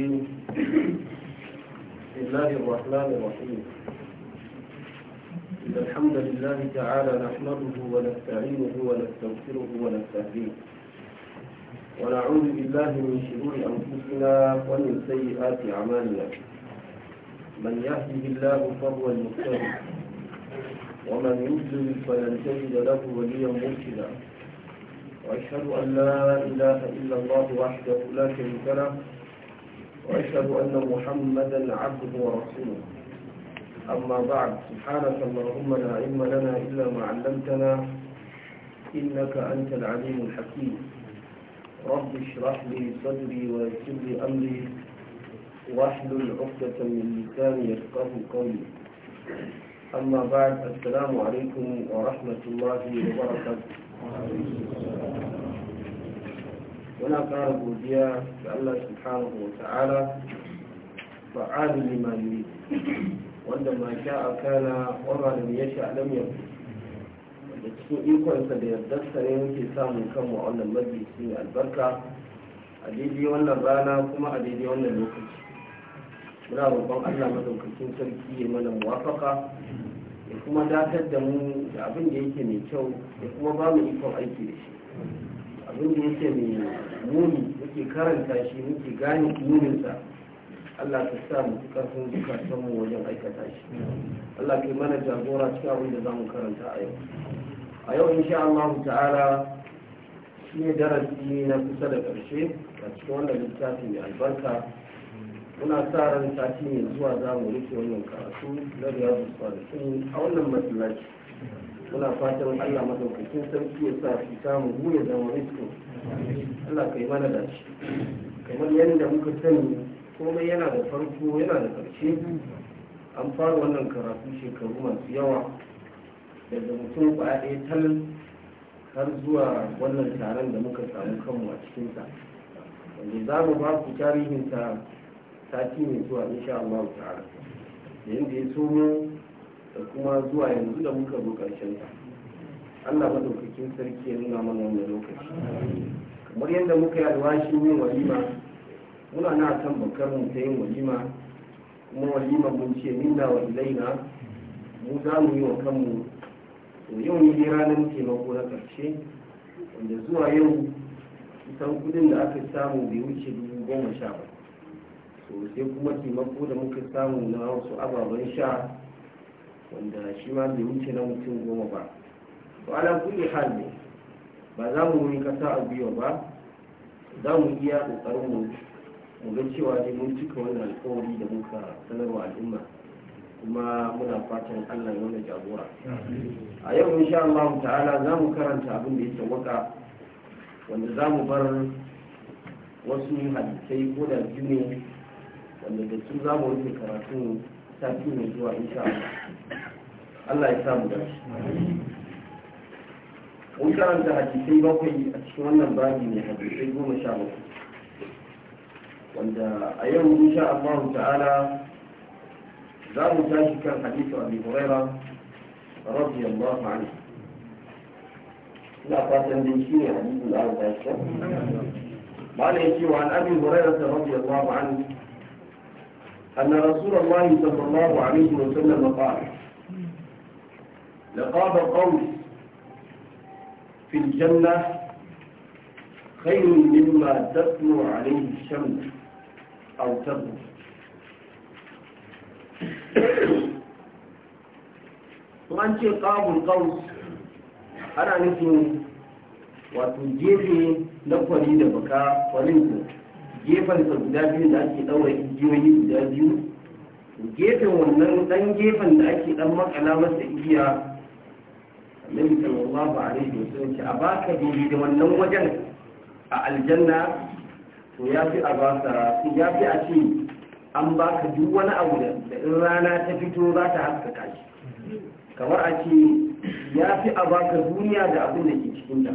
الرجيم بسم الله الرحمن الرحيم إن الحمد لله تعالى نحمده ونستعينه ونستغفره ونستهديه ونعوذ بالله من شرور أنفسنا ومن سيئات أعمالنا من يهده الله فهو المهتدي ومن يضلل فلن تجد له وليا مرشدا وأشهد أن لا إله إلا الله وحده لا شريك له وأشهد أن محمدا عبده ورسوله أما بعد سبحانك اللهم لا علم لنا إلا ما علمتنا إنك أنت العليم الحكيم رب اشرح لي صدري ويسر لي أمري واحلل عقدة من لساني يفقه قولي أما بعد السلام عليكم ورحمة الله وبركاته muna kara godiya ga Allah subhanahu wa ta'ala fa'ali lima yuri wanda ma sha a kana wanda da ya sha alam ya da cikin ikonsa da yardarsa ne muke samun kanmu a wannan majalisi albarka a daidai wannan rana kuma a daidai wannan lokaci muna roƙon Allah madaukakin sarki ya mana muwafaka ya kuma da mu da abin da yake mai kyau ya kuma ba mu ikon aiki da shi abinda yake mai muni muke karanta shi muke gane muninsa Allah ta sa mu karfin mu wajen aikata shi Allah ke mana jagora cikin abin da za mu karanta a yau a yau insha Allah ta'ala shi ne darasi na kusa da karshe a cikin wannan littafi mai albarka muna sa ran sati mai zuwa za mu rufe wannan karatu na riyadu salihin a wannan masallaci muna fatan Allah madaukakin sarki ya sa shi samu mu ya zama riskin Allah kai mana da shi kamar yadda muka sani komai yana da farko yana da ƙarshe an fara wannan karatu shekaru masu yawa daga mutum kwaya ɗaya tal har zuwa wannan taron da muka samu kanmu a cikinsa wanda za mu ba ku tarihinsa sati mai zuwa insha Allah ta'ala da yadda ya somo da kuma zuwa yanzu da muka zo karshen Allah madaukakin sarki ya nuna mana wannan lokaci kamar yadda muka yi alwashi yin walima muna na kan bakar mu ta yin walima kuma walima mun ce minna wa ilaina mu za mu yi wa kanmu to yau ne dai ranar taimako na karshe wanda zuwa yau kusan kudin da aka samu bai wuce dubu goma sha ba to sai kuma taimako da muka samu na wasu ababen sha wanda shi ma bai wuce na mutum goma ba to ala kulli hal ba za mu yi kasa a gwiwa ba za mu iya kokarin mu mu ga cewa dai mun cika wannan alƙawari da muka sanarwa al'umma kuma muna fatan Allah ya wani jagora a yau insha Allah ta'ala za mu karanta abin da ya tawaka wanda za mu bar wasu hadisai ko da biyu ne wanda da su za mu rufe karatu sati mai zuwa insha Allah ya samu dashi mun karanta hadisai bakwai a cikin wannan babi ne hadisai goma sha bakwai wanda a yau insha Allah ta'ala za mu tashi kan hadisu Abi Huraira radiyallahu anhu ina fatan dai shine hadisul arba shi ma ne cewa an Abi Huraira radiyallahu anhu أن رسول الله صلى الله عليه وسلم قال لقاب قوس في الجنة خير مما تطلع عليه الشمس أو تظهر وأنت قاب القوس أنا نسيت nufin wato gefe na kwari gefen sa guda biyu da ake daura igiyoyi guda biyu gefen wannan dan gefen da ake dan makala masa igiya annabi sallallahu alaihi wasallam ce a baka bibi da wannan wajen a aljanna to ya fi a baka ya fi a ce an baka duk wani abu da in rana ta fito za ta haskaka shi kamar a ce ya fi a baka duniya da abin da ke cikin ta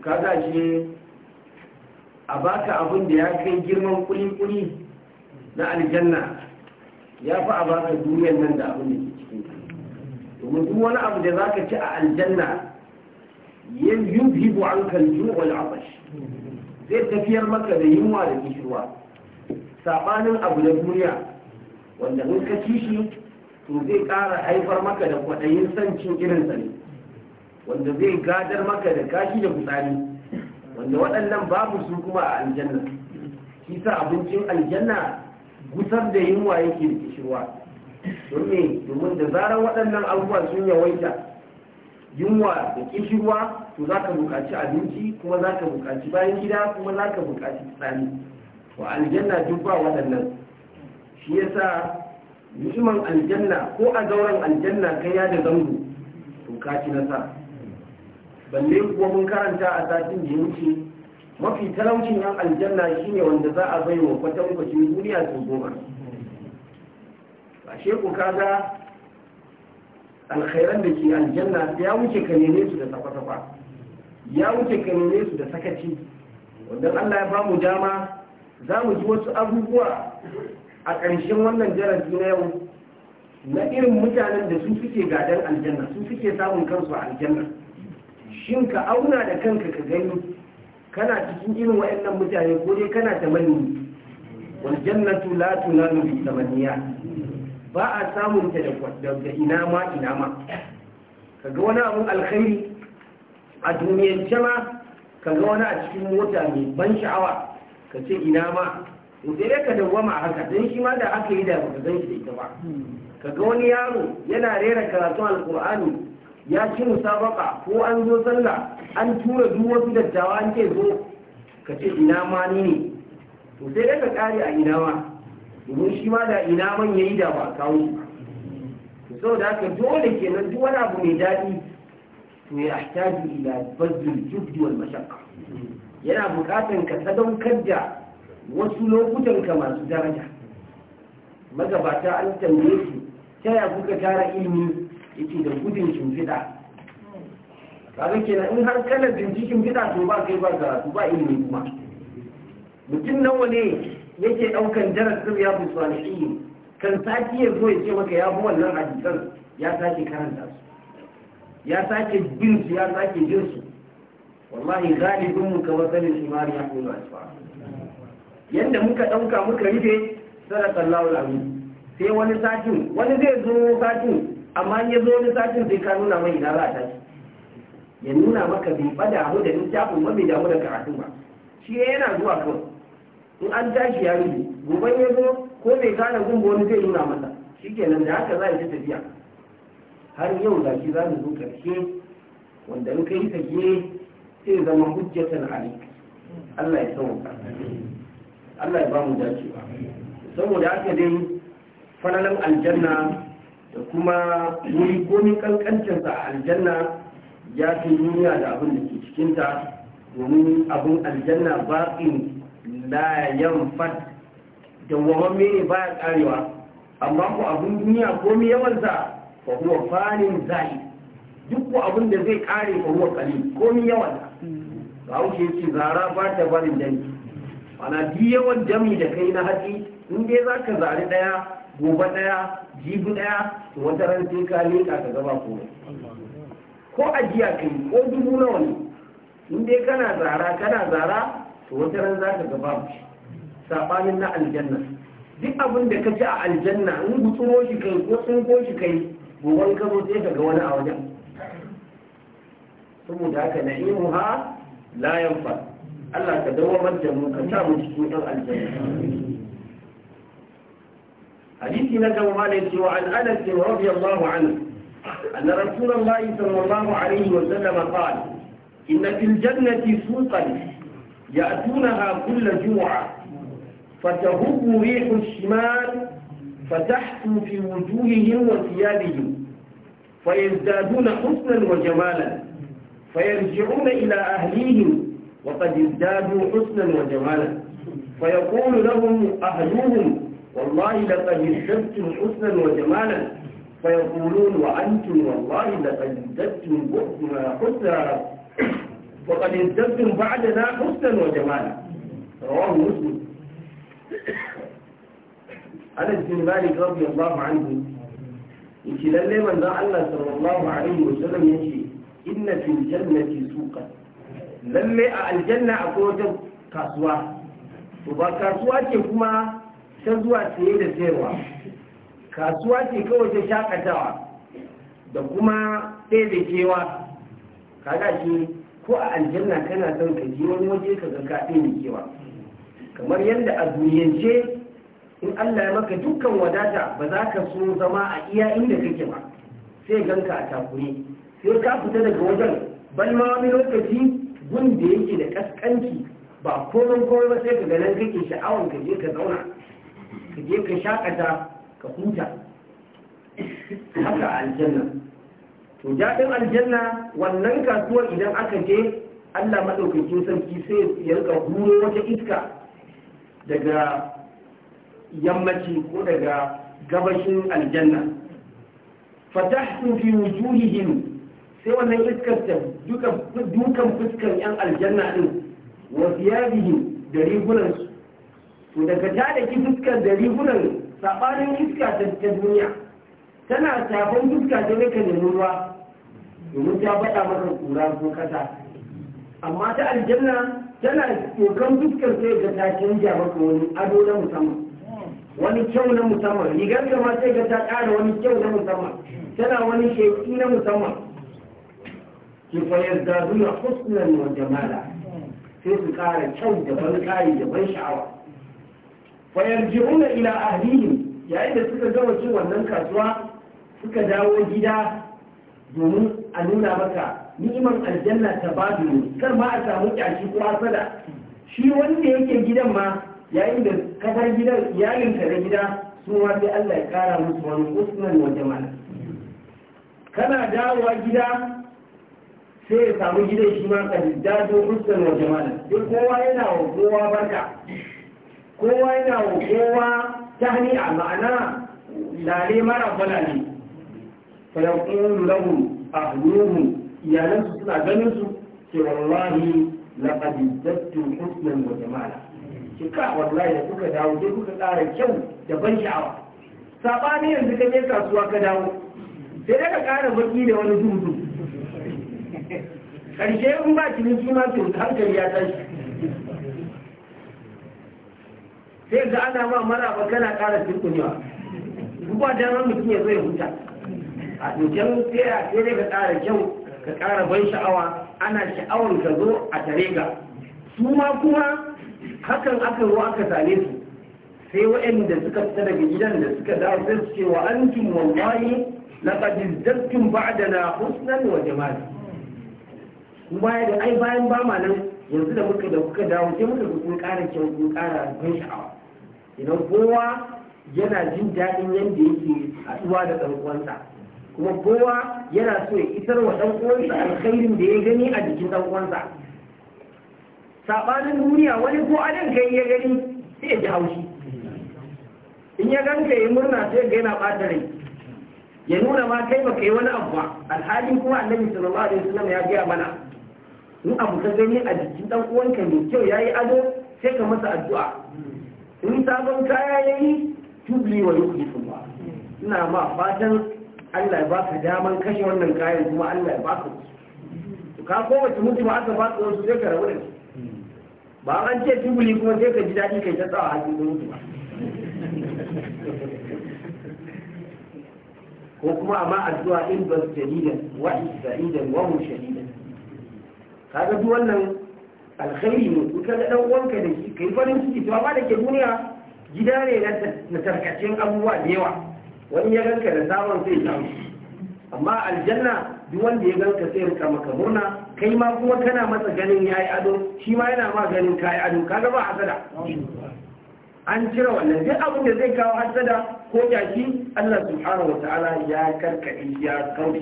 kaga shi a baka abin da ya kai girman kuli na aljanna ya fi a baka duniyar nan da abin da ke cikin domin duk wani abu da za ka ci a aljanna yin yubhibu an kalju wal abash zai tafiyar maka da yunwa da kishirwa sabanin abu da duniya wanda in ka ci shi to zai kara haifar maka da kwaɗayin sancin cin irinsa ne wanda zai gadar maka da kashi da fitsari wanda waɗannan babu su kuma a aljanna kisa abincin aljanna gusar da yunwa yake da kishirwa domin domin da zarar waɗannan abubuwa sun yawaita yunwa da kishirwa to za ka buƙaci abinci kuma za ka buƙaci bayan gida kuma za ka buƙaci tsani wa aljanna duk ba waɗannan shi yasa musulman aljanna ko a zauren aljanna kai ya da zango to ka ci nasa balle kuwa mun karanta a satin da ya wuce mafi talaucin yan aljanna shine wanda za a bai wa kwatankwacin duniya su goma ashe ku kaga alkhairan da ke aljanna ya wuce ka su da tafa-tafa ya wuce ka nene su da sakaci wanda allah ya bamu dama za mu ji wasu abubuwa a ƙarshen wannan darasi na yau na irin mutanen da su suke gadon aljanna su suke samun kansu a aljanna shin ka auna da kanka ka gani kana cikin irin waɗannan mutane ko dai kana tamanni wal jannatu la tunalu bi tamanniya ba a samun ta da ina ma ina ma kaga wani abun alkhairi a duniyar jama kaga wani a cikin mota mai ban sha'awa ka ce ina ma sai ka dawwama haka don shi ma da aka yi da baka gan shi da ita ba hmm. kaga wani yaro yana rera karatun alkur'ani ya ci musabaka ko an zo sallah an tura duk wasu dattawa an ce zo ka ce ina ma ni ne to sai daga kare a ina ma domin shi ma da ina man yayi da ba kawo to da haka dole kenan duk wani abu mai daɗi to ya ahtaji ila bazul jubdi wal mashaqqa yana bukatan ka sadaukar da wasu lokutan ka masu daraja magabata an tambaye su ta ya kuka tara ilimi yake da gudun shimfiɗa ke kenan in har kana binciken fida to ba kai ba karatu ba ilimin kuma mutum nawa ne yake daukan darasin ya bi salihin kan sati ya zo ya ce maka ya bi wannan hadisan ya sake karanta su ya sake bin su ya sake jin su wallahi galibin mu kamar sanin shimari ya kuma su yadda muka dauka muka rufe sallallahu alaihi sai wani satin wani zai zo satin amma ya zo wani satin zai ka nuna mai ina za a tashi ya nuna maka bai bada mu da ni ma bai damu da karatun ba shi yana zuwa kawai in an tashi ya rubu gobe ya zo ko bai gane gumbo wani zai nuna masa shi kenan da haka za a yi tafiya har yau da shi za mu zo karshe wanda in kai sake sai zama hujjatan alaik Allah ya sauka Allah ya ba mu dacewa saboda haka dai falalan aljanna da kuma wuri komin kankancinsa a aljanna ya fi duniya da abin da ke cikinta domin abin aljanna baƙin layan fat da wawamme ne ba a karewa amma ku abin duniya komi yawansa ko kuma fanin zai duk ku abin da zai kare fa huwa ƙali komi yawansa ba wuce ce zara ba ta barin dangi ana duk yawan dami da kai na hatsi in dai za ka zari ɗaya gobe ɗaya jibi ɗaya to wata ran sai ka leka ka gaba komai ko ajiya kai ko dubu nawa ne in dai kana zara kana zara to wata ran za ka gaba shi sabanin na aljanna duk abin da ka ci a aljanna in gutsuro shi kai ko tsinko shi kai gobe ka zo sai ka ga wani a wajen saboda haka ha la yanfa Allah ka dawo da mu ka sa mu cikin ɗan aljanna حديث نجم مالك وعن أنس رضي الله عنه أن رسول الله صلى الله عليه وسلم قال إن في الجنة سوقا يأتونها كل جمعة فتهب ريح الشمال فتحكو في وجوههم وثيابهم فيزدادون حسنا وجمالا فيرجعون إلى أهليهم وقد ازدادوا حسنا وجمالا فيقول لهم أهلهم والله لقد اشتبتم حسنا وجمالا فيقولون وأنتم والله لقد ازددتم حسنا وقد ازددتم بعدنا حسنا وجمالا رواه مسلم أنس بن مالك رضي الله عنه yace lalle manzo Allah sallallahu alaihi wasallam yace inna fil jannati suqan lalle a aljanna akwai wata kasuwa ba kasuwa ce kuma ta zuwa siye da sayarwa kasuwa ce kawai ta shakatawa da kuma ɗaya kewa kaga shi ko a aljanna kana son ka je wani waje ka ga ka ɗaya kewa kamar yadda a duniyance in Allah ya maka dukkan wadata ba za ka so zama a iya inda kake ba sai ganka a takure sai ka fita daga wajen ban wani lokaci gun da yake da kaskanci ba komai komai ba sai ka ganin kake sha'awar ka je ka zauna ka je ka shakata ka huta haka aljanna to aljanna wannan kasuwar idan aka je allah maɗaukakin sarki sai ya rika huro wata iska daga yammaci ko daga gabashin aljanna fatahtu fi wujuhihim sai wannan iskar ta dukan fuskan yan aljanna din wa ziyadihim da rigunansu to daga ta da ki fuskar da rigunan sabanin iska ta ta duniya tana tafin fuska ta ne ka ruwa domin ta faɗa maka kura ko kasa amma ta aljanna tana tokan fuskar sai ga ta canja maka wani ado na musamman wani kyau na musamman rigar ma sai ga ta kara wani kyau na musamman tana wani sheki na musamman ki fayar da duniya husnan wa jamala sai su ƙara kyau da ban ƙari da ban sha'awa fayarji'una ila ahlihim yayin da suka gama cin wannan kasuwa suka dawo gida domin a nuna maka ni'imar aljanna ta babu ne kar ma a samu kyashi ko asada shi wanda yake gidan ma yayin da kafar gidan iyalinka da gida su ma sai Allah ya kara musu wani usman wa jama'a kana dawowa gida sai ya samu gidan shi ma kadidado usman wa jama'a sai kowa yana wa kowa barka kowa yana wa kowa ta a ma'ana lare mara bulali fayakun a ahluhu iyalansu suna ganin su ke wallahi na ƙadidattun husnan wa jamala ki ka wallahi da kuka dawo sai kuka tsara kyau da ban sha'awa ne yanzu ka je kasuwa ka dawo sai daga ƙara baki da wani dudu karshe in ba shi ma to hankali ya tashi sai ga ana ma ba kana ƙara turkunewa ba damar mutum ya zo ya huta a dukkan sai a sai dai ka ƙara kyau ka ƙara ban sha'awa ana sha'awar ka zo a tare ka su ma kuma hakan aka zo aka same su sai waɗanda suka fita daga gidan da suka dawo sai su ce wa antum wallahi laqad izzattum ba'dana husnan wa jamal kuma da ai bayan ba ma nan yanzu da muka da kuka dawo sai muka ga kun ƙara kyau kun ƙara ban sha'awa idan kowa yana jin daɗin yadda yake haɗuwa da ɗan kuma kowa yana so ya isar wa ɗan alkhairin da ya gani a jikin ɗan saɓanin duniya wani ko adan kai ya gani sai ya ji haushi in ya gan ka yi murna sai ya yana ɓata rai ya nuna ma kai baka yi wani abu ba alhalin kuma annabi sallallahu alaihi wasallam ya gaya mana in abu ka gani a jikin ɗan uwanka mai kyau yayi ado sai ka masa addu'a in sabon kaya ya yi tubli wa yi ba ina ma fatan allah ya baka daman kashe wannan kayan kuma allah ya baka su ka kowace mutu ba aka baka wasu sai ka rabu da ba an ce tubli kuma sai ka ji daɗi kai ta tsawa hajji da mutu ba ko kuma amma addu'a in bas jalidan wa sa'idan wa mu shadidan kaga duk wannan alkhairi ne in ka ga dan uwanka da shi kai farin ciki to amma da ke duniya gida ne na tarkacin abubuwa da yawa wani ya ganka da samun sai samu amma aljanna duk wanda ya ganka sai rika maka murna kai ma kuma kana masa ganin yayi ado shi ma yana ma ganin kayi ado kaga ba hasada an cire wannan duk abin da zai kawo hasada ko jaki Allah subhanahu Ta'ala ya karkade ya kauce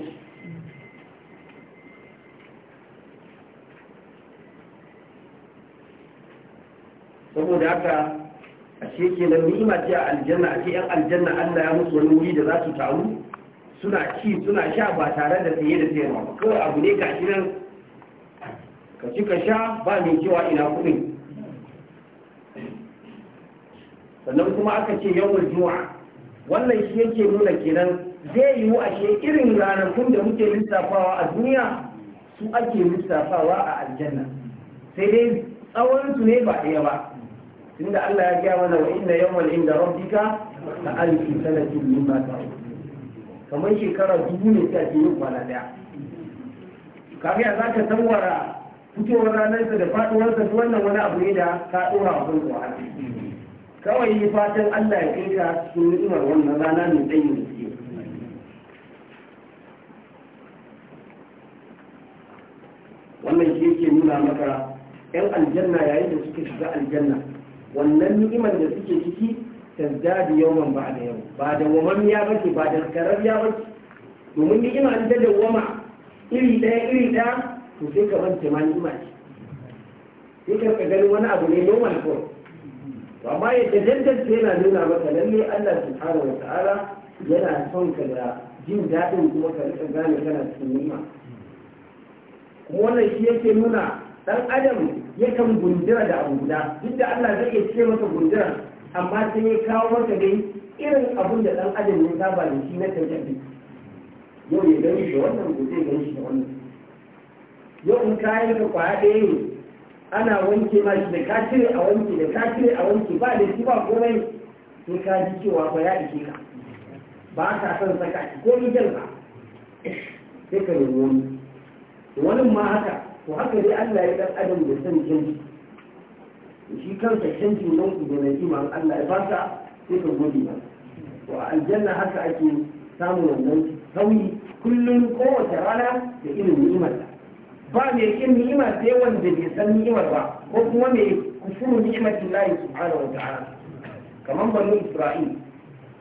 saboda haka ashe na ni'ima ce a aljanna ashe yan aljanna Allah ya musu wani wuri da za su taru suna ci suna sha ba tare da tsaye da sayarwa ba kawai abu ne shi nan ka ci ka sha ba mai cewa ina kuɗin sannan kuma aka ce yawon juma'a wannan shi yake nuna kenan zai yiwu ashe irin ranar ranakun da muke lissafawa a duniya su ake lissafawa a aljanna sai dai tsawon su ne ba ɗaya ba tunda Allah ya gaya mana wa inna yawmal inda rabbika ka alfi sanatin mimma ta'ud kamar shekara dubu ne ta ke yin kwana daya kafin ya zaka sanwara fitowar sa da faduwar sa wannan wani abu ne da ka dora a gurin wahala kawai yi fatan Allah ya kai ka cikin ni'imar wannan rana mai tsayi da ke wannan shi yake nuna maka 'yan aljanna yayin da suke shiga aljanna wannan ni'imar da suke ciki zadi yawan ba da yau ba da waman ya bace ba da karar ya bace domin ni'ima ta wama, iri ɗaya iri ɗaya to sai ka manta ma ni'ima ce sai ka gani wani abu ne normal kawai amma yadda jaddanta yana nuna maka lalle Allah subhanahu wa ta'ala yana son ka da jin daɗin kuma ka rika gane kana cikin ni'ima kuma wannan shi yake nuna dan adam yakan gundira da abu guda duk da Allah zai iya ce masa gundura amma sai ya kawo maka dai irin abun da dan adam ya saba da shi na tajabi yau ya gani shi wannan gobe ya gani shi wannan yau in yi ka kwaya ɗaya ne ana wanke ma shi da ka a wanke da ka a wanke ba da shi ba komai sai ka ji cewa ba ya ishe ka ba ka san saka shi ko ni ka sai ka nemi wani wani ma haka to haka dai Allah ya dan adam da san canji shi kansa canji nan ku da ni'ima Allah ya baka sai ka gode ba to a aljanna haka ake samun wannan sauyi kullum kowace rana da irin ni'imar ba mai irin ni'ima sai wanda bai san ni'imar ba ko kuma mai kufuru ni'imar lahi subhanahu wata'ala kamar banu isra'il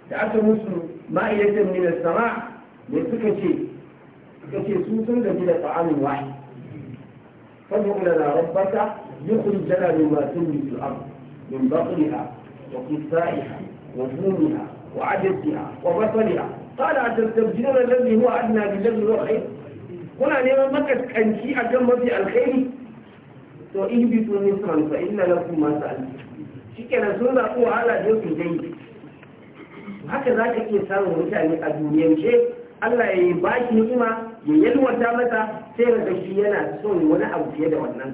da aka musu ma'aikatan min as-sama' da suka ce suka ce su sun gaji da ta'amin فادع لنا ربك يخرج لنا مما تنبت الأرض من بقرها وكفائها وفومها وعجزها وبصلها قال أتستبدلون الذي هو أدنى بالذي هو خير kuna neman makaskanci a kan mafi alkhairi to in bi tun nisran fa inna lakum ma sa'altu shikenan sun ko wahala da su dai haka za ka iya samun mutane a duniyance Allah ya yi baki ni'ima ya yalwata mata sai da shi yana son wani abu fiye da wannan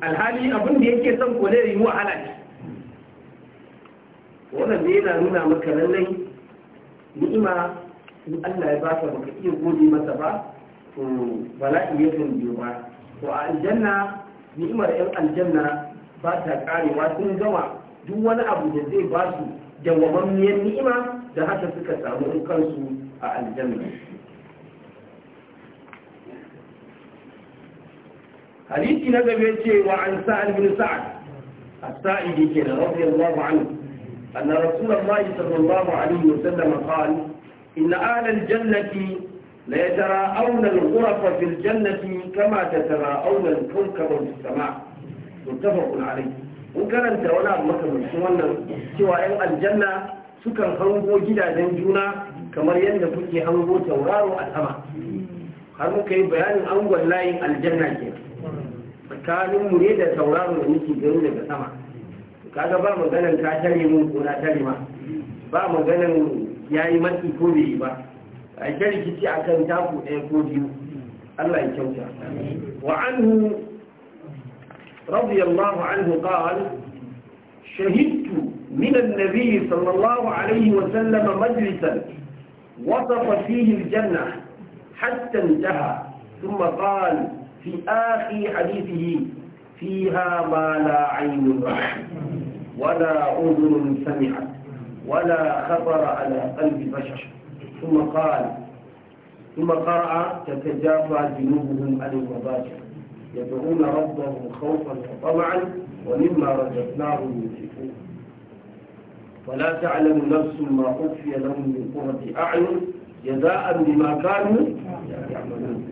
alhali abin da yake son ko zai yi wahala ne wannan da yana nuna maka lallai ni'ima in Allah ya baka baka iya gode masa ba to bala'i ya kan biyo ba to a aljanna ni'imar yan aljanna ba ta karewa sun gama duk wani abu da zai ba su dawwamammiyar ni'ima da haka suka samu kansu a aljanna hadisi na gabe ce wa an sa'ad bin sa'ad as-sa'idi kenan radiyallahu anhu anna rasulullahi sallallahu alaihi wasallam qala inna ahla al-jannati la yatara'awna al-ghurafa fil jannati kama tatara'awna al-kawkaba fis sama' muttafaqun alayhi in karanta wani abu makamancin wannan cewa yan aljanna sukan hango gidajen juna kamar yadda kuke hango tauraro a sama har muka yi bayanin angon layin aljanna ke tsakanin mu da sauraro da muke gani daga sama kaga ba maganan ka tare mu ko na tare ma ba maganan yayi maki ko bai yi ba a kare kici akan taku ɗaya ko biyu Allah ya kyauta wa anhu radiyallahu anhu qala shahidtu من النبي صلى الله عليه وسلم مجلسا وصف فيه الجنة حتى انتهى ثم قال في آخر حديثه فيها ما لا عين رأت ولا أذن سمعت ولا خطر على قلب بشر ثم قال ثم قرأ تتجافى جنوبهم عن المضاجع يدعون ربهم خوفا وطمعا ومما رزقناهم ينفقون ولا تعلم نفس ما أخفي لهم من قرة أعين جزاء بما كانوا يعملون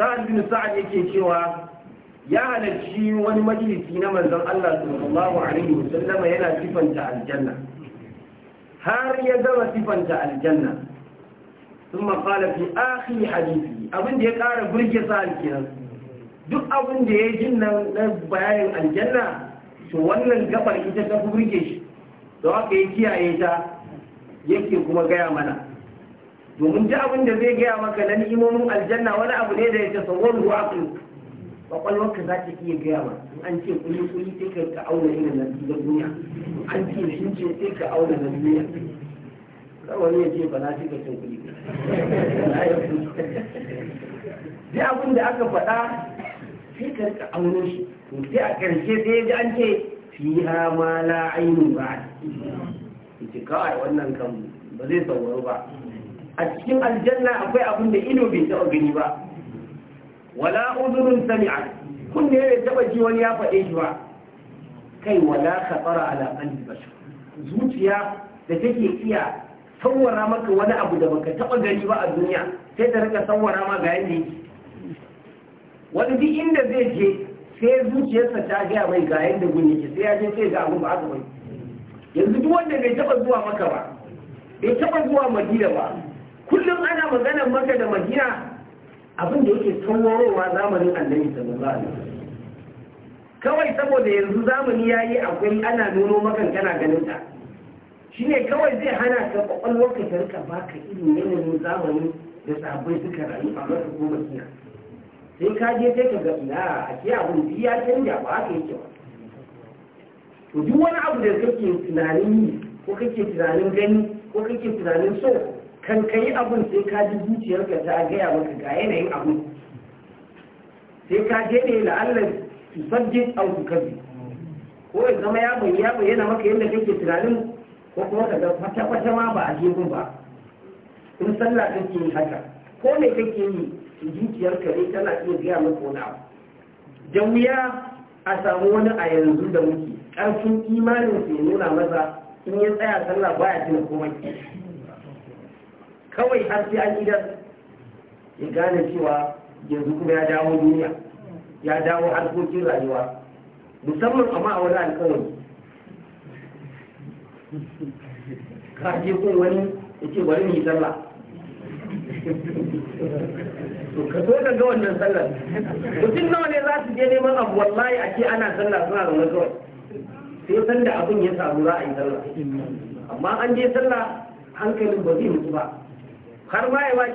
sa'ad bin sa'ad yake cewa ya halarci wani majalisi na manzon Allah sallallahu alaihi wasallama yana sifanta aljanna har ya gama sifanta aljanna sun maƙala fi akhi hadisi abin da ya ƙara burge sa'ad kenan duk abin da ya jin nan na bayanin aljanna to wannan gabar ita ta burge shi don haka ya kiyaye ta yake kuma gaya mana domin ji abin da zai gaya maka na ni'imomin aljanna wani abu ne da ya sabon ruwa aklu kwakwalwarka za ta iya gaya ma in an ce kuli kuli sai ka ka auna irin na duniya an ce shin ce sai ka auna na duniya wani ya ce ba na ka ce kuli duk abin da aka faɗa sai ka ka auna shi sai a ƙarshe sai ya ji an ce fiha ma la ainu ba ce kawai wannan kan ba zai sauraro ba a cikin aljanna akwai abin da ido bai taɓa gani ba wala uzurin sami'a ne bai taɓa ji wani ya faɗe shi ba kai wala ka tsara ala qalbi bashar zuciya da take iya sawwara maka wani abu da baka taɓa gani ba a duniya sai ta rika sawwara ma ga yanda yake wani duk inda zai je sai zuciyarsa ta gaya mai ga yanda gun yake sai ya je sai ga abu ba aka bai yanzu duk wanda bai taɓa zuwa maka ba bai taɓa zuwa madina ba kullum ana maganar maka da madina abin da yake tsawarowa zamanin annabi sallallahu alaihi kawai saboda yanzu zamani yayi akwai ana nuno makan kana ganin ta shine kawai zai hana ka kwakwalwar ka rika baka irin yanayin zamani da sabai suka rayu a masa ko madina sai ka je sai ka ga ina a ke abun duk ya canja ba haka yake ba to duk wani abu da kake tunanin yi ko kake tunanin gani ko kake tunanin so kan ka yi abin sai ka ji zuciyarka ta gaya maka ga yanayin abin sai ka je ne la'allar su sabjin au su kazi ko ya zama ya bayyana bayyana maka yadda kake tunanin ko kuma ka ga kwata-kwata ma ba a jefin ba in sallah kake yi haka ko me kake yi zuciyarka ne tana iya gaya maka wani abu da wuya a samu wani a yanzu da muke ƙarfin imanin sai nuna maza in ya tsaya sallah baya jin komai kawai har sai an idan ya gane cewa yanzu kuma ya dawo duniya ya dawo harkokin rayuwa musamman amma a wani alkawari ka je kun wani ya ce wani ne zalla sallah to ka so ka ga wannan sallar mutum nawa ne za su je neman abu wallahi a ce ana sallah suna zaune kawai sai san da abin ya samu za a yi sallah amma an je sallah hankalin ba zai mutu ba har ma ya ba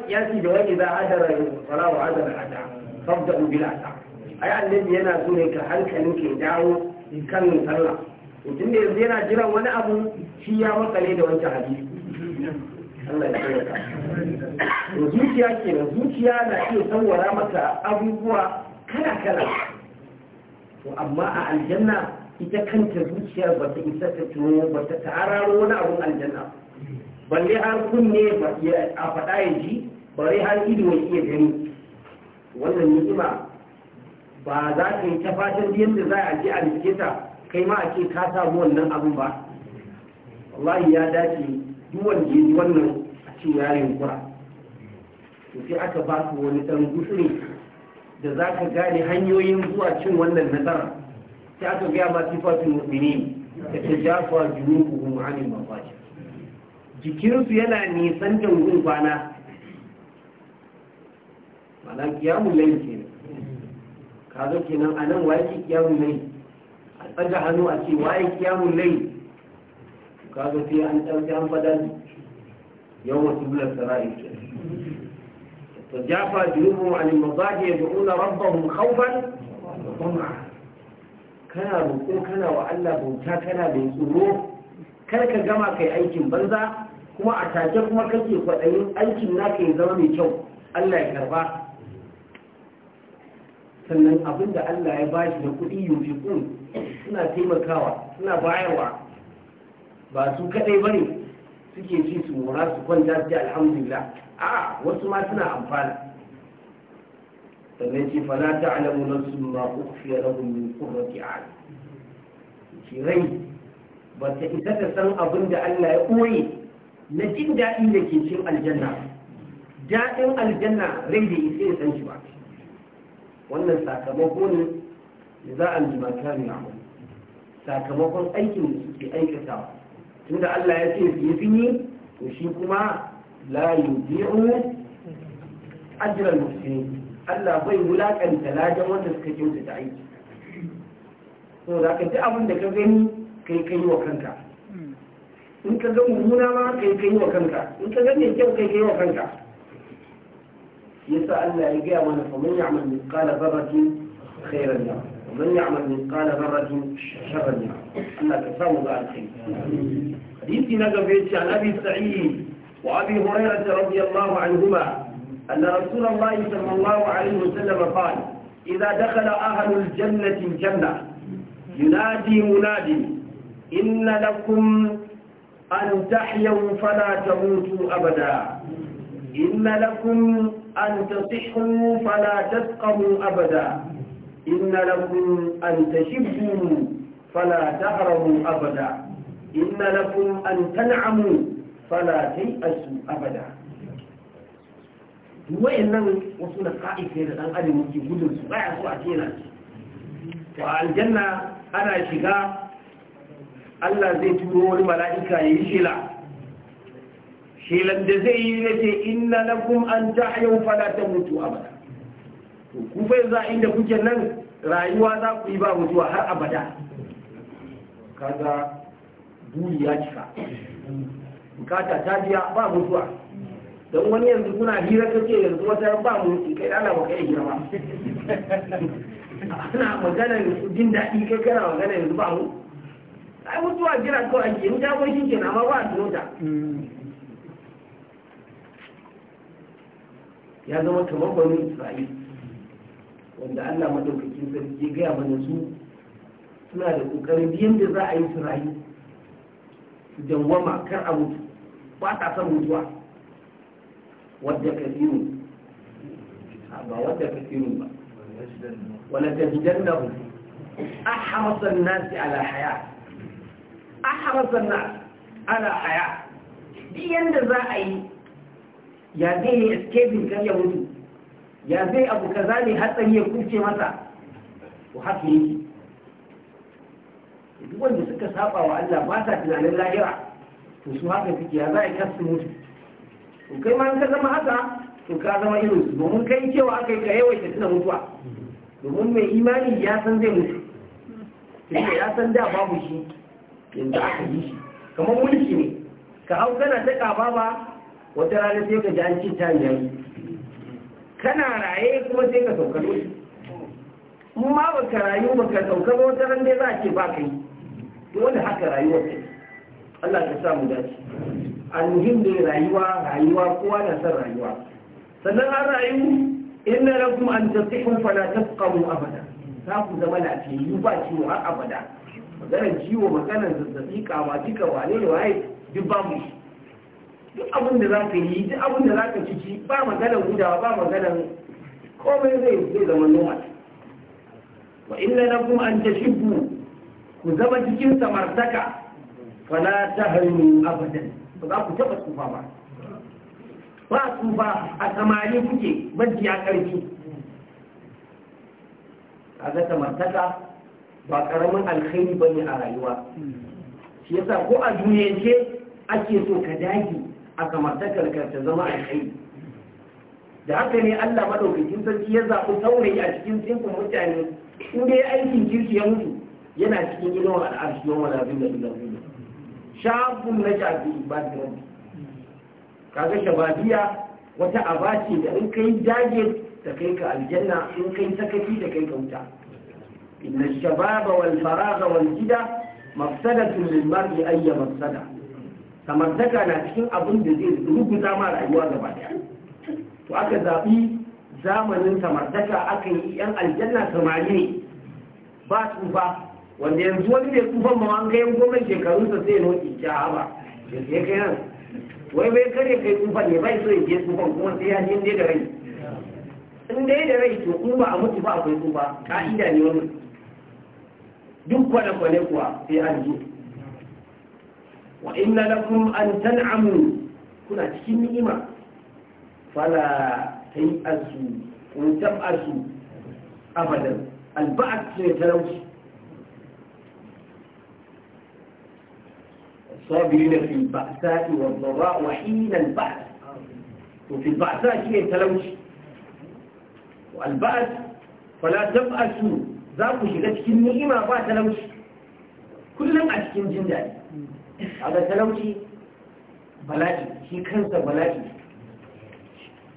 da wani za adara fara wa adara hada fabda ubila ta ai annabi yana so ne ka hankalin ke dawo kan sallah mutum da yanzu yana jiran wani abu shi ya makale da wancan hadisi Allah ya tsaya ka zuciya ke da zuciya na iya tsawara maka abubuwa kala kala to amma a aljanna ita kanta zuciyar ba ta isa ta tuno ba ta tararo wani abun aljanna balle har kunne a faɗa ya ji bare har ido ya iya gani wannan ni'ima ba za ka yi ta fatan yadda za a je a riske ta kai ma a ce ka samu wannan abin ba wallahi ya dace duk wanda ya ji wannan a ce ya kura to sai aka ba su wani dan gusuri da za ka gane hanyoyin zuwa cin wannan nasara sai aka gaya ma sifatin mu'minin da ta jafa junubuhum anil mafaj jikinsu yana nisan jangun kwana mana kiyamun laifi ke ka zo kenan a nan waye kiyamun laifi? a tsaga hannu a ce waye kiyamun lai ka zo fiye an ɗauki an fadar yau wasu bulan sara'i ke tajafa junubu an mazaje ya da'una rabbahum mu wa tam'a kana roƙo kana wa Allah bauta kana mai tsoro kar ka gama kai aikin banza kuma a take kuma kake kwaɗayin aikin naka ya zama mai kyau Allah ya karba sannan abin da Allah ya bashi da kuɗi yunfiqun suna taimakawa suna bayarwa ba su kaɗai bane suke ci su mora su kwanta su ji alhamdulillah a wasu ma suna amfana sannan ce fala ta'lamu su ma ukhfiya lahum min qurrati a ki rai ba ta isa ta san abin da Allah ya ɓoye na jin daɗi da ke cin aljanna daɗin aljanna rai da isa ya san shi ba wannan sakamako za a ji mata ne sakamakon aikin da suke aikatawa tunda Allah ya ce su yi ni, to shi kuma la yudi'u ajral muslimin Allah bai wulakanta ladan wanda suka ta aiki so ka ji abin da ka gani kai kai wa kanka in ka ga mummuna ma kai kai wa kanka in ga mai kyau kai kai wa kanka yasa Allah ya gaya mana fa ya'mal mithqala dharratin khairan ومن يعمل مثقال ذرة شرا يره أنك تسام ذلك حديثنا قبل عن أبي سعيد وأبي هريرة رضي الله عنهما أن رسول الله صلى الله عليه وسلم قال إذا دخل أهل الجنة الجنة ينادي منادي إن لكم أن تحيوا فلا تموتوا أبدا إن لكم أن تصحوا فلا تسقموا أبدا إن لكم أن تشبوا فلا تهرموا أبدا إن لكم أن تنعموا فلا تيأسوا أبدا وإن wasu na ka'ife da ɗan adam yake gudun su أنا so Allah zai turo wani mala'ika ya yi shela shelan da zai yi na ce na kuma an yau fada ta mutu abada ku fa yanzu inda kuke nan rayuwa za ku yi ba mutuwa har abada kaga buri ya cika bukata ta biya ba mutuwa don wani yanzu kuna hira ce yanzu wata ba mu kai ana ba kai hira ba ana maganar jin daɗi kai kana maganar yanzu ba mu ai mutuwa jira kawai ake in jago shi kenan amma ba a tuno ya zama kamar bani isra'il wanda allah madaukakin sarki ya gaya mana su suna da ƙoƙarin biyan da za a yi su rayu su dawwama kar a mutu ba ta san mutuwa wadda ka kasiru ba wadda ka kasiru ba wala tajidannahu ahmasan nasi ala haya aharazan na ana haya duk yadda za a yi ya zai yi escaping kan ya mutu ya zai abu kaza ne hatsari ya kuce masa Ku haka yi. duk wanda suka saba wa Allah ba sa tunanin lahira to su haka suke ya za a kasu mutu to kai ma ka zama haka to ka zama irin su domin kai cewa aka yi ka yawaita tattuna mutuwa domin mai imani ya san zai mutu tunda ya san da babu shi inda aka yi shi kamar mulki ne ka hau kana ta kaba ba wata rana sai ka ji an ci ta yayi kana raye kuma sai ka sauka ne mu ma ba ka rayu ba ka sauka ba wata ran dai za a ce ba ka yi wani haka rayuwar ce Allah ka sa mu dace almuhim ne rayuwa rayuwa kowa na san rayuwa sannan an rayu inna lakum an tasihu fala tasqamu abada za ku zama lafiyayyu ba ciwo har abada maganar jiwo maganar zazzabi kama duka wane ne waye duk ba mu duk abin da za ka yi duk abin da za ka ciki ba maganar gudawa ba maganar komai zai zai zama noma wa illa kuma an tashibbu ku zama cikin samartaka fala tahrimu abadan ba za ku taba tsufa ba ba tsufa a samari kuke majiya karfi kaga samartaka ba karamin alkhairi ba ne a rayuwa shi yasa ko a duniyance ake so ka dage a samartakar ka ta zama alkhairi da haka ne Allah madaukakin sarki ya zaɓi saurayi a cikin tsinkun mutane in dai aikin kirki ya mutu yana cikin inuwar al'arshi yawan abin da ila zuwa shafin na shafi da rabbi kaga shabadiya wata aba ce da in kai dage ta kai ka aljanna in kai sakaci da kai ka wuta إن الشباب والفراغ والجدة مفسدة للمرء أي مفسدة samartaka na cikin abin da zai rubuta ma rayuwa gaba daya to aka zaɓi zamanin samartaka aka yi yan aljanna samari ne ba tsufa wanda yanzu wani bai tsufan ba an kayan goma shekarun sa sai noki ja ba da sai kai nan wai bai kare kai tsufan ne bai so ya je tsufan kuma sai ya je da rai in dai da rai to in ba a mutu ba akwai tsufa ka'ida ne wannan duk kwane-kwane kuwa sai an je wa inna lakum an tan'amu kuna cikin ni'ima fala tayi azu kun tabasu abadan su ne talauci الصابرين في البأساء والضراء وحين البعث وفي البعثاء شيء تلوش والبعث فلا تبأسوا za ku shiga cikin ni'ima ba talauci kullum a cikin jin daɗi a ga talauci bala'i shi kansa bala'i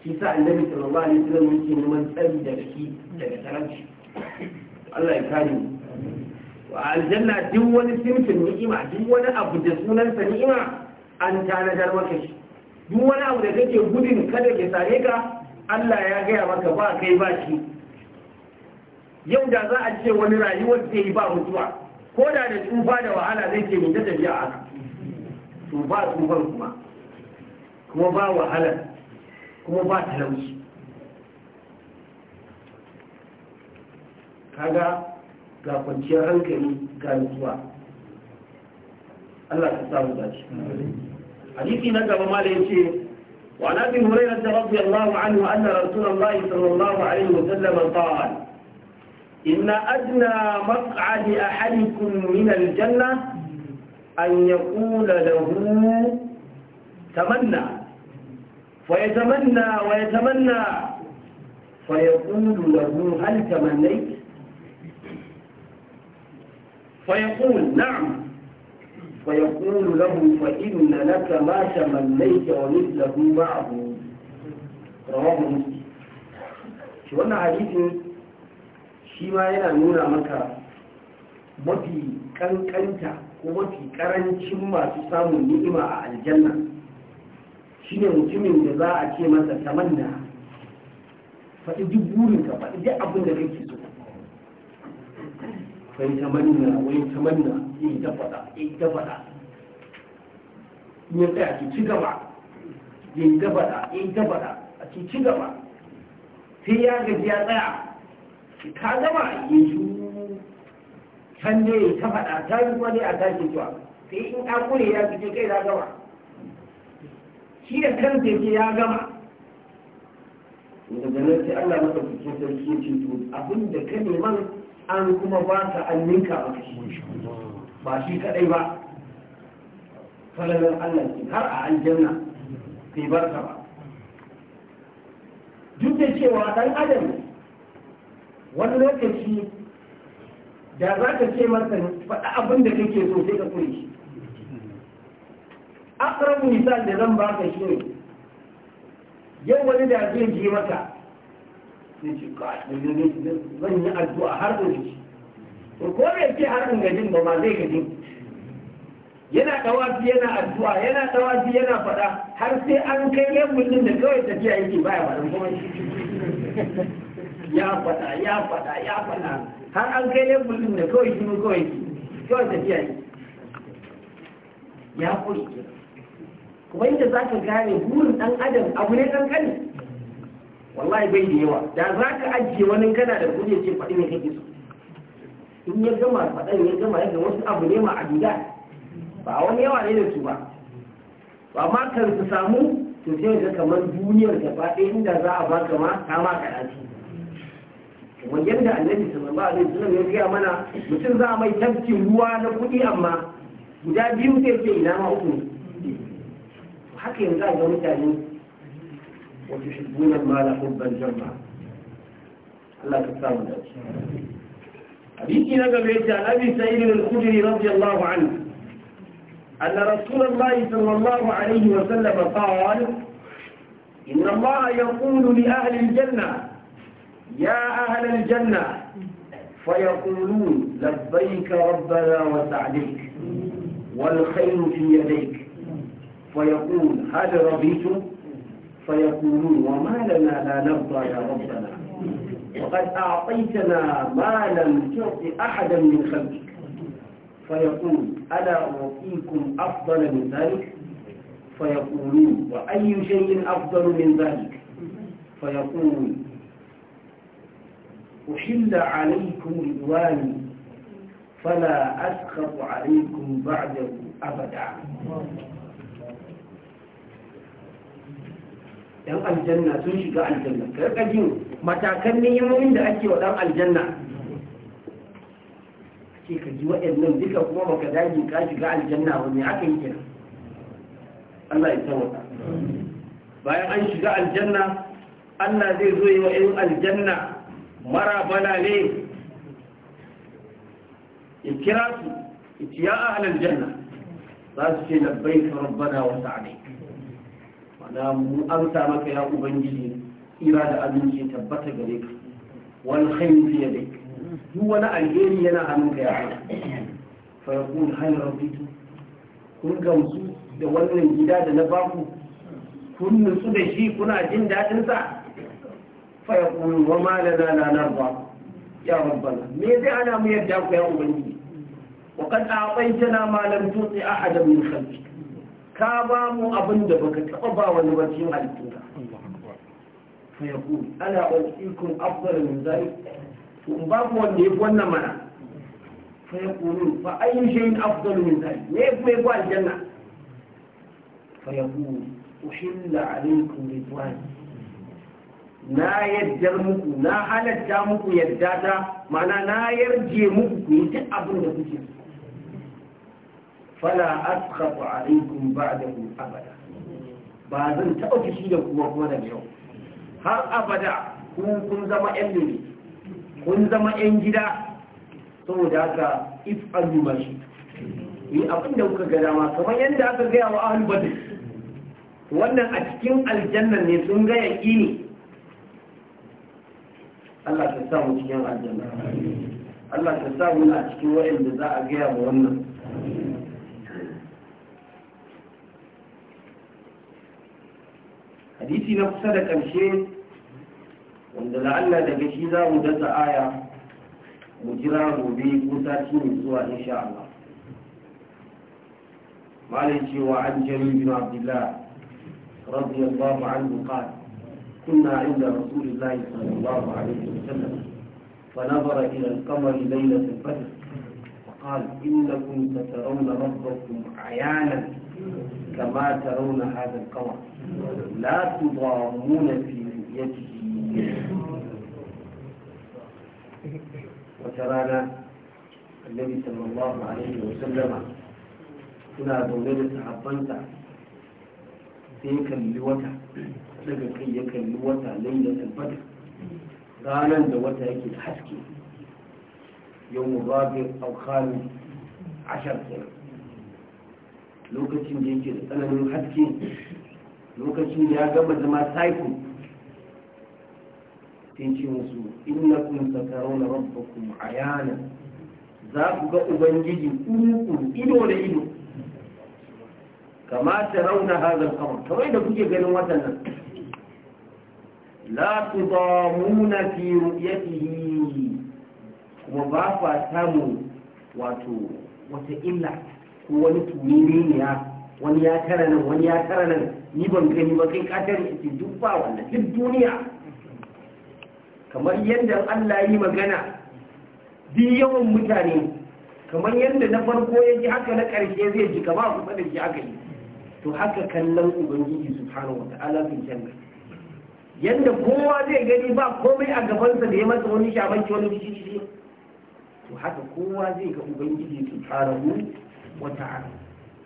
shi sa annabi sallallahu alaihi wasallam yake neman tsari daga shi daga talauci Allah ya kare mu wa aljanna duk wani simfin ni'ima duk wani abu da sunansa ni'ima an tanadar maka shi duk wani abu da kake gudun kada ke sare ka Allah ya gaya maka ba kai ba shi yau da za a ce wani rayuwar zai yi ba mutuwa ko da da tufa da wahala zai ke mai ta tafiya a haka tsufa tsufan kuma kuma ba wahala kuma ba talauci kaga ga kwanciyar hankali ga mutuwa Allah ta samu dace hadisi na gaba ma da yace وعن ابي هريره رضي الله عنه ان رسول الله صلى الله عليه وسلم قال إن أدنى مقعد أحدكم من الجنة أن يقول له تمنى فيتمنى ويتمنى فيقول له هل تمنيت فيقول نعم فيقول له فإن لك ما تمنيت ومثله معه رواه مسلم شو أنا حديث shi ma yana nuna maka mafi kankanta ko mafi karancin masu samun ni'ima a aljanna shine mutumin da za a ce masa tamanna faɗi duk burinka faɗi duk abin da kake so kai wani wai tamanna yi ta faɗa yi ta faɗa ne tsaya ki ci gaba yi ta faɗa yi ta faɗa a ci ci gaba sai ya gaji ya tsaya ka gama yanzu can ne ta faɗa ta yi wani a tashi zuwa sai in an kure ya fice kai ya gama shi da kan teke ya gama da nan sai Allah maka fice sarki ce to abin da ka neman an kuma ba ka an ninka a kashi ba shi kadai ba falalar Allah ce har a aljanna kai barka ba duk da cewa dan adam wani lokaci da za ka ce masa faɗa abin da kake so sai ka kure shi akrabu misal da zan baka shi ne yau wani da zai ji maka sai ce kai zan yi addu'a har da shi ko da ce har in gajin ba ma zai gajin yana tawafi yana addu'a yana tawafi yana faɗa har sai an kai yan mutum da kawai tafiya yake baya don kuma ya faɗa ya faɗa ya faɗa har an kai lebul din da kawai shi kawai kawai tafiya ne ya kuri kuma inda za ka gane burin ɗan adam abu ne dan kani wallahi bai da yawa da za ka ajiye wani kana da kuɗi ce faɗi ne kake so in ya gama faɗan ya gama yadda wasu abu ne ma abuda ba wani yawa ne da su ba ba ma kan su samu to sai ga kamar duniyar gaba ɗaya inda za a baka ma ta ma kaɗa wajen yadda annabi sallallahu alaihi wasallam ya gaya mana mutum za a mai tafkin ruwa na kuɗi amma guda biyu sai ce ina ma uku haka yanzu a ga mutane wato shi mala hubban Allah ka samu da shi na gaba yace annabi sayyidina al-khudri radiyallahu anhu أن رسول الله صلى الله عليه إن الله يقول لأهل الجنة يا أهل الجنة فيقولون لبيك ربنا وسعديك والخير في يديك فيقول هل رضيتم فيقولون وما لنا لا نرضى يا ربنا وقد أعطيتنا ما لم تعط أحدا من خلقك فيقول ألا أعطيكم أفضل من ذلك فيقولون وأي شيء أفضل من ذلك فيقول أحل عليكم رضواني فلا أسخط عليكم بعده أبدا Ɗan aljanna sun shiga aljanna karkajin matakan ni'imomin da ake wa ɗan aljanna A ce ka ji waɗannan duka kuma baka daji ka shiga aljanna ba me aka yi kenan Allah ya tsawata bayan an shiga aljanna Allah zai zo yi wa ‘yan aljanna mara ne in kira su iti a halar janna za su ce bai karar bada wata ne wanda mu amsa maka ya ubangiji ira da aminci tabbata gare ka wani hanyar fiye da duk wani alheri yana hannunka ya hana fa hanyar rabitu kun gamsu da wannan gida da na baku kun nutsu da shi kuna jin daɗinsa Fayanku ne wa magana a nan'a zuwa ya mabala? Me zai ana muyar da akwai a ubangin de? Wa ka sa akwai jana malam dutse a Adamu ya kalli? Ka ba mu abinda ba ka taɓa bawa na ba cin halittuna. ana ofisikun Abdul min zai. Ba kuwa ne ya ɓarnama na. Fayanku fa ayin na yaddar muku na halatta muku yadda ta mana na yarje muku ku yi ta abin da kuke fala ba da ba'dahu abada ba zan taɓa kishi da kuma kuma da yau har abada ku kun zama yan dole kun zama yan gida saboda haka if an yi mashi yi abin da kuka ga dama kamar yadda aka gaya wa ahul wannan a cikin aljannan ne sun gaya yaƙini Allah ka sa mu cikin aljanna Allah ka sa mu a cikin wa'anda za a gaya wa wannan hadisi na kusa da ƙarshe wanda la'alla daga shi za mu dasa aya mu jira gobe ko sati mai zuwa insha Allah malai cewa an jami bin abdullah radiyallahu anhu كنا عند رسول الله صلى الله عليه وسلم فنظر إلى القمر ليلة الفجر فقال إنكم سترون ربكم عيانا كما ترون هذا القمر لا تضامون في رؤيته وترانا النبي صلى الله عليه وسلم كنا دولة حطنت سيكا لوتا daga kai ya kalli wata lailatul tabbata ranar da wata yake da haske mu rabi aw ashar kenan lokacin da yake da tsananin haske lokacin da ya gama zama saiku sai ce musu innakum satarawna rabbakum ayana za ku ga ubangiji uku ido da ido kamar ta rauna hazar kamar kawai da kuke ganin watan la tudamuna fi ru'yatihi kuma ba fa samu wato wata illa ko wani tunire ne ya wani ya tara nan wani ya tara nan ni ban gani ba kai katar ce duk ba wanda duk duniya kamar yadda Allah yi magana bi yawan mutane kamar yadda na farko ya ji haka na ƙarshe zai ji kama ku da shi haka yi to haka kallon ubangiji subhanahu wa ta'ala fil janna yadda kowa zai gani ba komai a gabansa da ya masa wani shabanci wani bishiri to haka kowa zai ga ubangiji su mu wata ala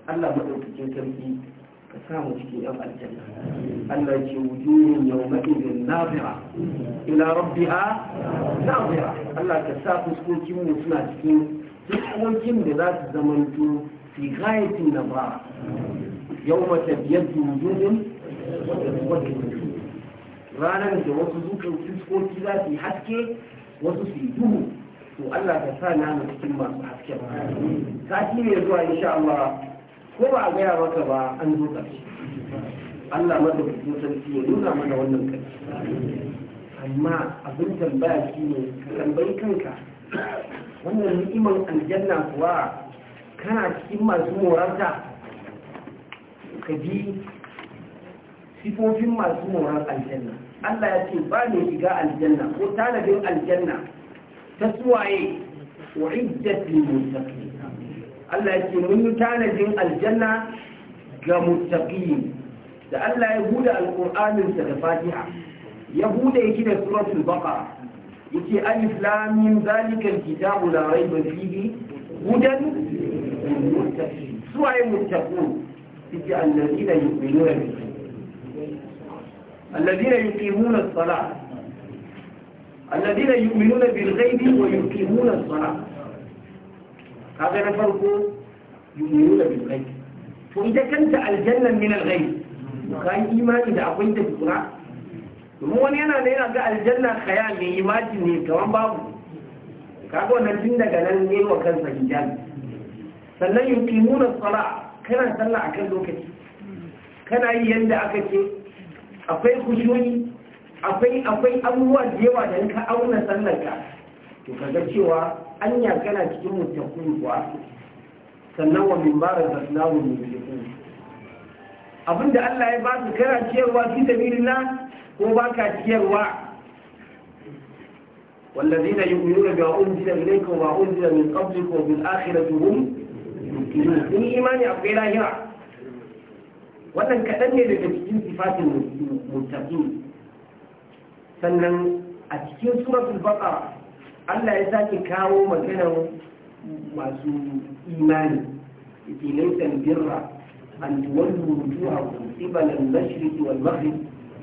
allah maɗaukakin sarki ka samu cikin yan aljanna allah ce wujuhun yau ma'izin nazira ila rabbiha nazira allah ka sa fuskokin mu suna cikin fuskokin da za su to fi da ba yau mata biyar wujuhun wata ranar da wasu dukkan fuskoki za su yi haske wasu su yi duhu to Allah ka sa na mu cikin masu haske ba sati ne zuwa insha Allah ko ba a gaya maka ba an zo ƙarshe Allah madaukakin sarki ya nuna mana wannan kai. amma abin tambaya shi ne ka tambayi kanka wannan ni'imar aljanna kuwa kana cikin masu morarta ka ji sifofin masu moran aljanna Allah ya ce ba ne shiga aljanna ko tanadin aljanna ta suwaye wa iddat lil muttaqin Allah ya ce mun yi tanadin aljanna ga muttaqin da Allah ya bude alqur'anin sa da Fatiha ya bude yake da suratul baqara yake alif lam mim zalika alkitabu la rayba fihi hudan lil muttaqin suwaye muttaqin yake alladina yu'minuna bil الذين يقيمون الصلاة الذين يؤمنون بالغيب ويقيمون الصلاة هذا الفرق يؤمنون بالغيب فإذا كنت الجنة من الغيب وكان إيمان إذا أقلت بالقرع وموني أنا لأن الجنة خيال أنا إيمان كمان بابو كابو أنا جنة قلال نيل وكان سجدان فلن يقيمون الصلاة كنا سلع كل kana yi yadda aka ce akwai kushoni akwai akwai abubuwa da yawa da ka auna sallarka to kaga cewa anya kana cikin mutakun kuwa sannan wa min bara zasnahu mutakun abinda Allah ya ba su kana ciyarwa fi sabilillah ko baka ciyarwa والذين يؤمنون بما أنزل إليكم وما أنزل من قبلكم وبالآخرة هم يؤمنون إيماني أبقى إلهي wannan kaɗan ne daga cikin sifatin mutaki sannan a cikin suratul baqara Allah ya sake kawo magana masu imani ita ne san birra an tuwallu wujuha ku ibal al mashriq wal maghrib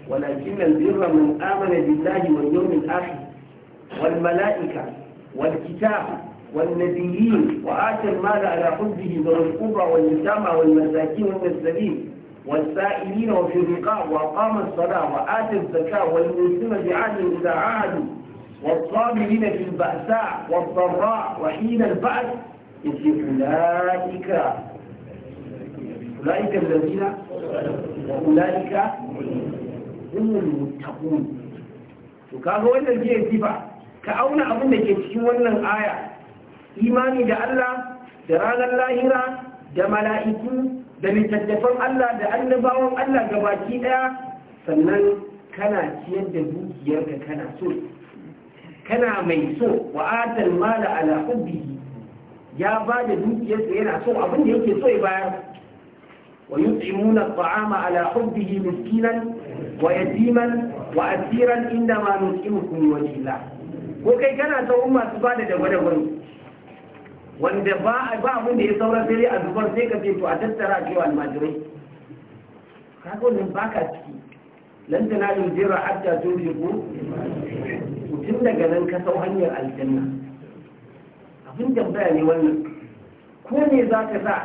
walakin al birra man amana billahi wal yawm al akhir wal malaika wal kitab والنبيين وآتى المال على حبه ذوي القربى واليتامى والمساكين والمسلمين والسائلين وفي الرقاب وأقام الصلاة وآتى الزكاة والمسلم بعهد إذا عاهدوا والصابرين في البأساء والضراء وحين البأس أولئك أولئك الذين وأولئك هم المتقون وكان هو الذي يتبع كأون أبن كتشي ون الآية إيماني دا الله da ranar lahira da mala'iku da littattafan Allah da annabawan Allah ga baki ɗaya sannan kana ciyar da dukiyarka kana so kana mai so wa atal mala ala hubbihi ya ba da dukiyarsa yana so abin da yake so ya bayar wa yut'imuna at'ama ala hubbihi miskinan wa yatiman wa asiran inda ma nut'imukum wajhillah ko kai kana so umma su bada da gwada wanda ba mun da ya saura sai a zubar sai ka ce to a tattara cewa almajirai kaga wannan baka ciki lan tana yin jira hatta to ji ku mutum daga nan ka sau hanyar aljanna abin da ba ne wannan ko ne za ka sa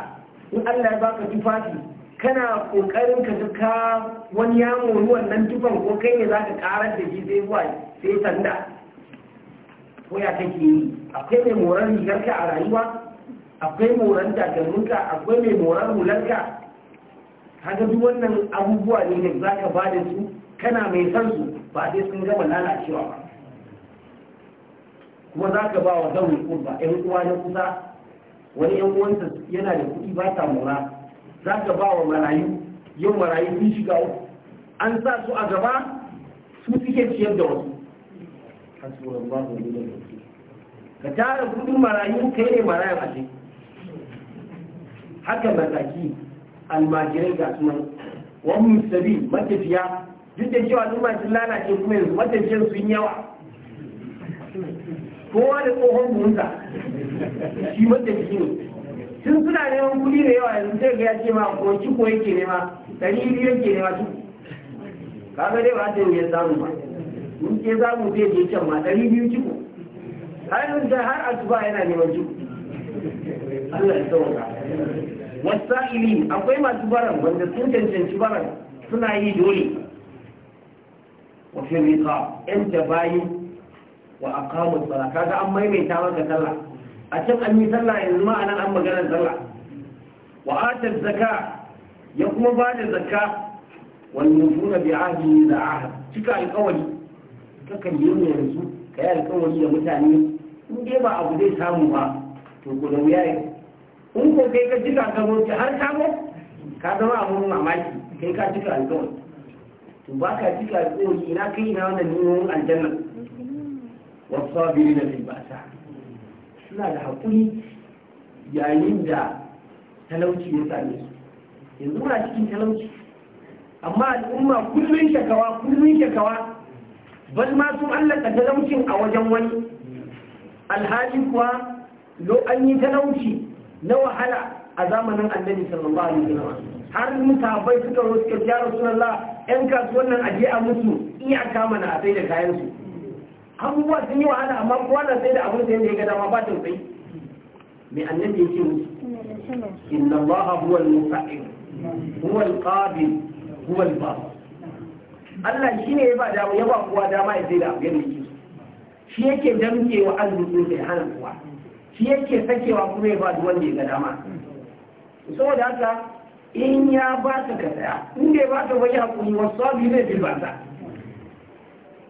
in Allah ya baka tufafi kana kokarin ka duka ka wani ya ruwan nan tufan ko kai ne za ka karar da shi sai zuwa sai sanda koya take kake yi akwai mai moran rigarka a rayuwa akwai moran takalminka akwai mai moran hularka haka duk wannan abubuwa ne da za ka ba da su kana mai san su ba sai sun gama lalacewa ba kuma za ka ba wa zaune kurba yan uwa na kusa wani yan uwansa yana da kuɗi ba ta mora za ka ba wa marayu yau marayu sun shiga an sa su a gaba su suke ciyar da wasu ka tara kudin marayu kai ne marayu a cikin haka mataki almajirai ga sunan wani musabi matafiya duk da cewa al'umma sun lalace kuma yanzu matafiyan sun yawa kowa da tsohon buhunsa shi matafiyi ne sun suna neman kuɗi da yawa yanzu sai ga ya ce ma ko shi ko yake nema ɗari biyu yake nema su kaga dai ba ta yi ya samu ba mun je za mu je da can ma ɗari biyu ciko har da har asuba yana neman ciko Allah ya sauka wasa'ili akwai masu baran wanda sun cancanci baran suna yi dole wa rika riqa yan tabayi wa a aqamu tsara kaga an maimaita maka sallah a can an yi sallah yanzu ma anan an magana sallah wa ata zaka ya kuma ba da zakka wal mufuna bi ahdi da a cika alkawari kakan yi ne yanzu ka yi alkawari da mutane in dai ba abu zai samu ba to ku da wuya in ko kai ka jika ka zo har ka ka zama abun mamaki kai ka jika alkawari to ba ka jika alkawari ina kai ina wannan nemo aljanna wasabiri na fil ba'sa suna da haƙuri yayin da talauci ya same su yanzu muna cikin talauci amma al'umma kullum shakawa kullum shakawa bal ma sun allaka talaucin a wajen wani alhali kuwa lo an yi talauci na wahala a zamanin annabi sallallahu alaihi wasallam har mutabai suka roska ya rasulullah yan kasuwan nan aje a musu iya kama na a sai da kayan su abubuwa sun yi wahala amma kowa na sai da abin da ya ga dama ba tausayi mai annabi yake musu inna allaha huwal musta'in huwal qabil huwal basit Allah shi ne ya ba dama ya ba kowa dama ya zai da abu yadda yake shi yake damke wa arzikin sai hana kowa shi yake sakewa kuma ya ba duk wanda ya ga dama saboda haka in ya ba ka ka tsaya in ya ba ka wani kuma wasu abu zai fi ba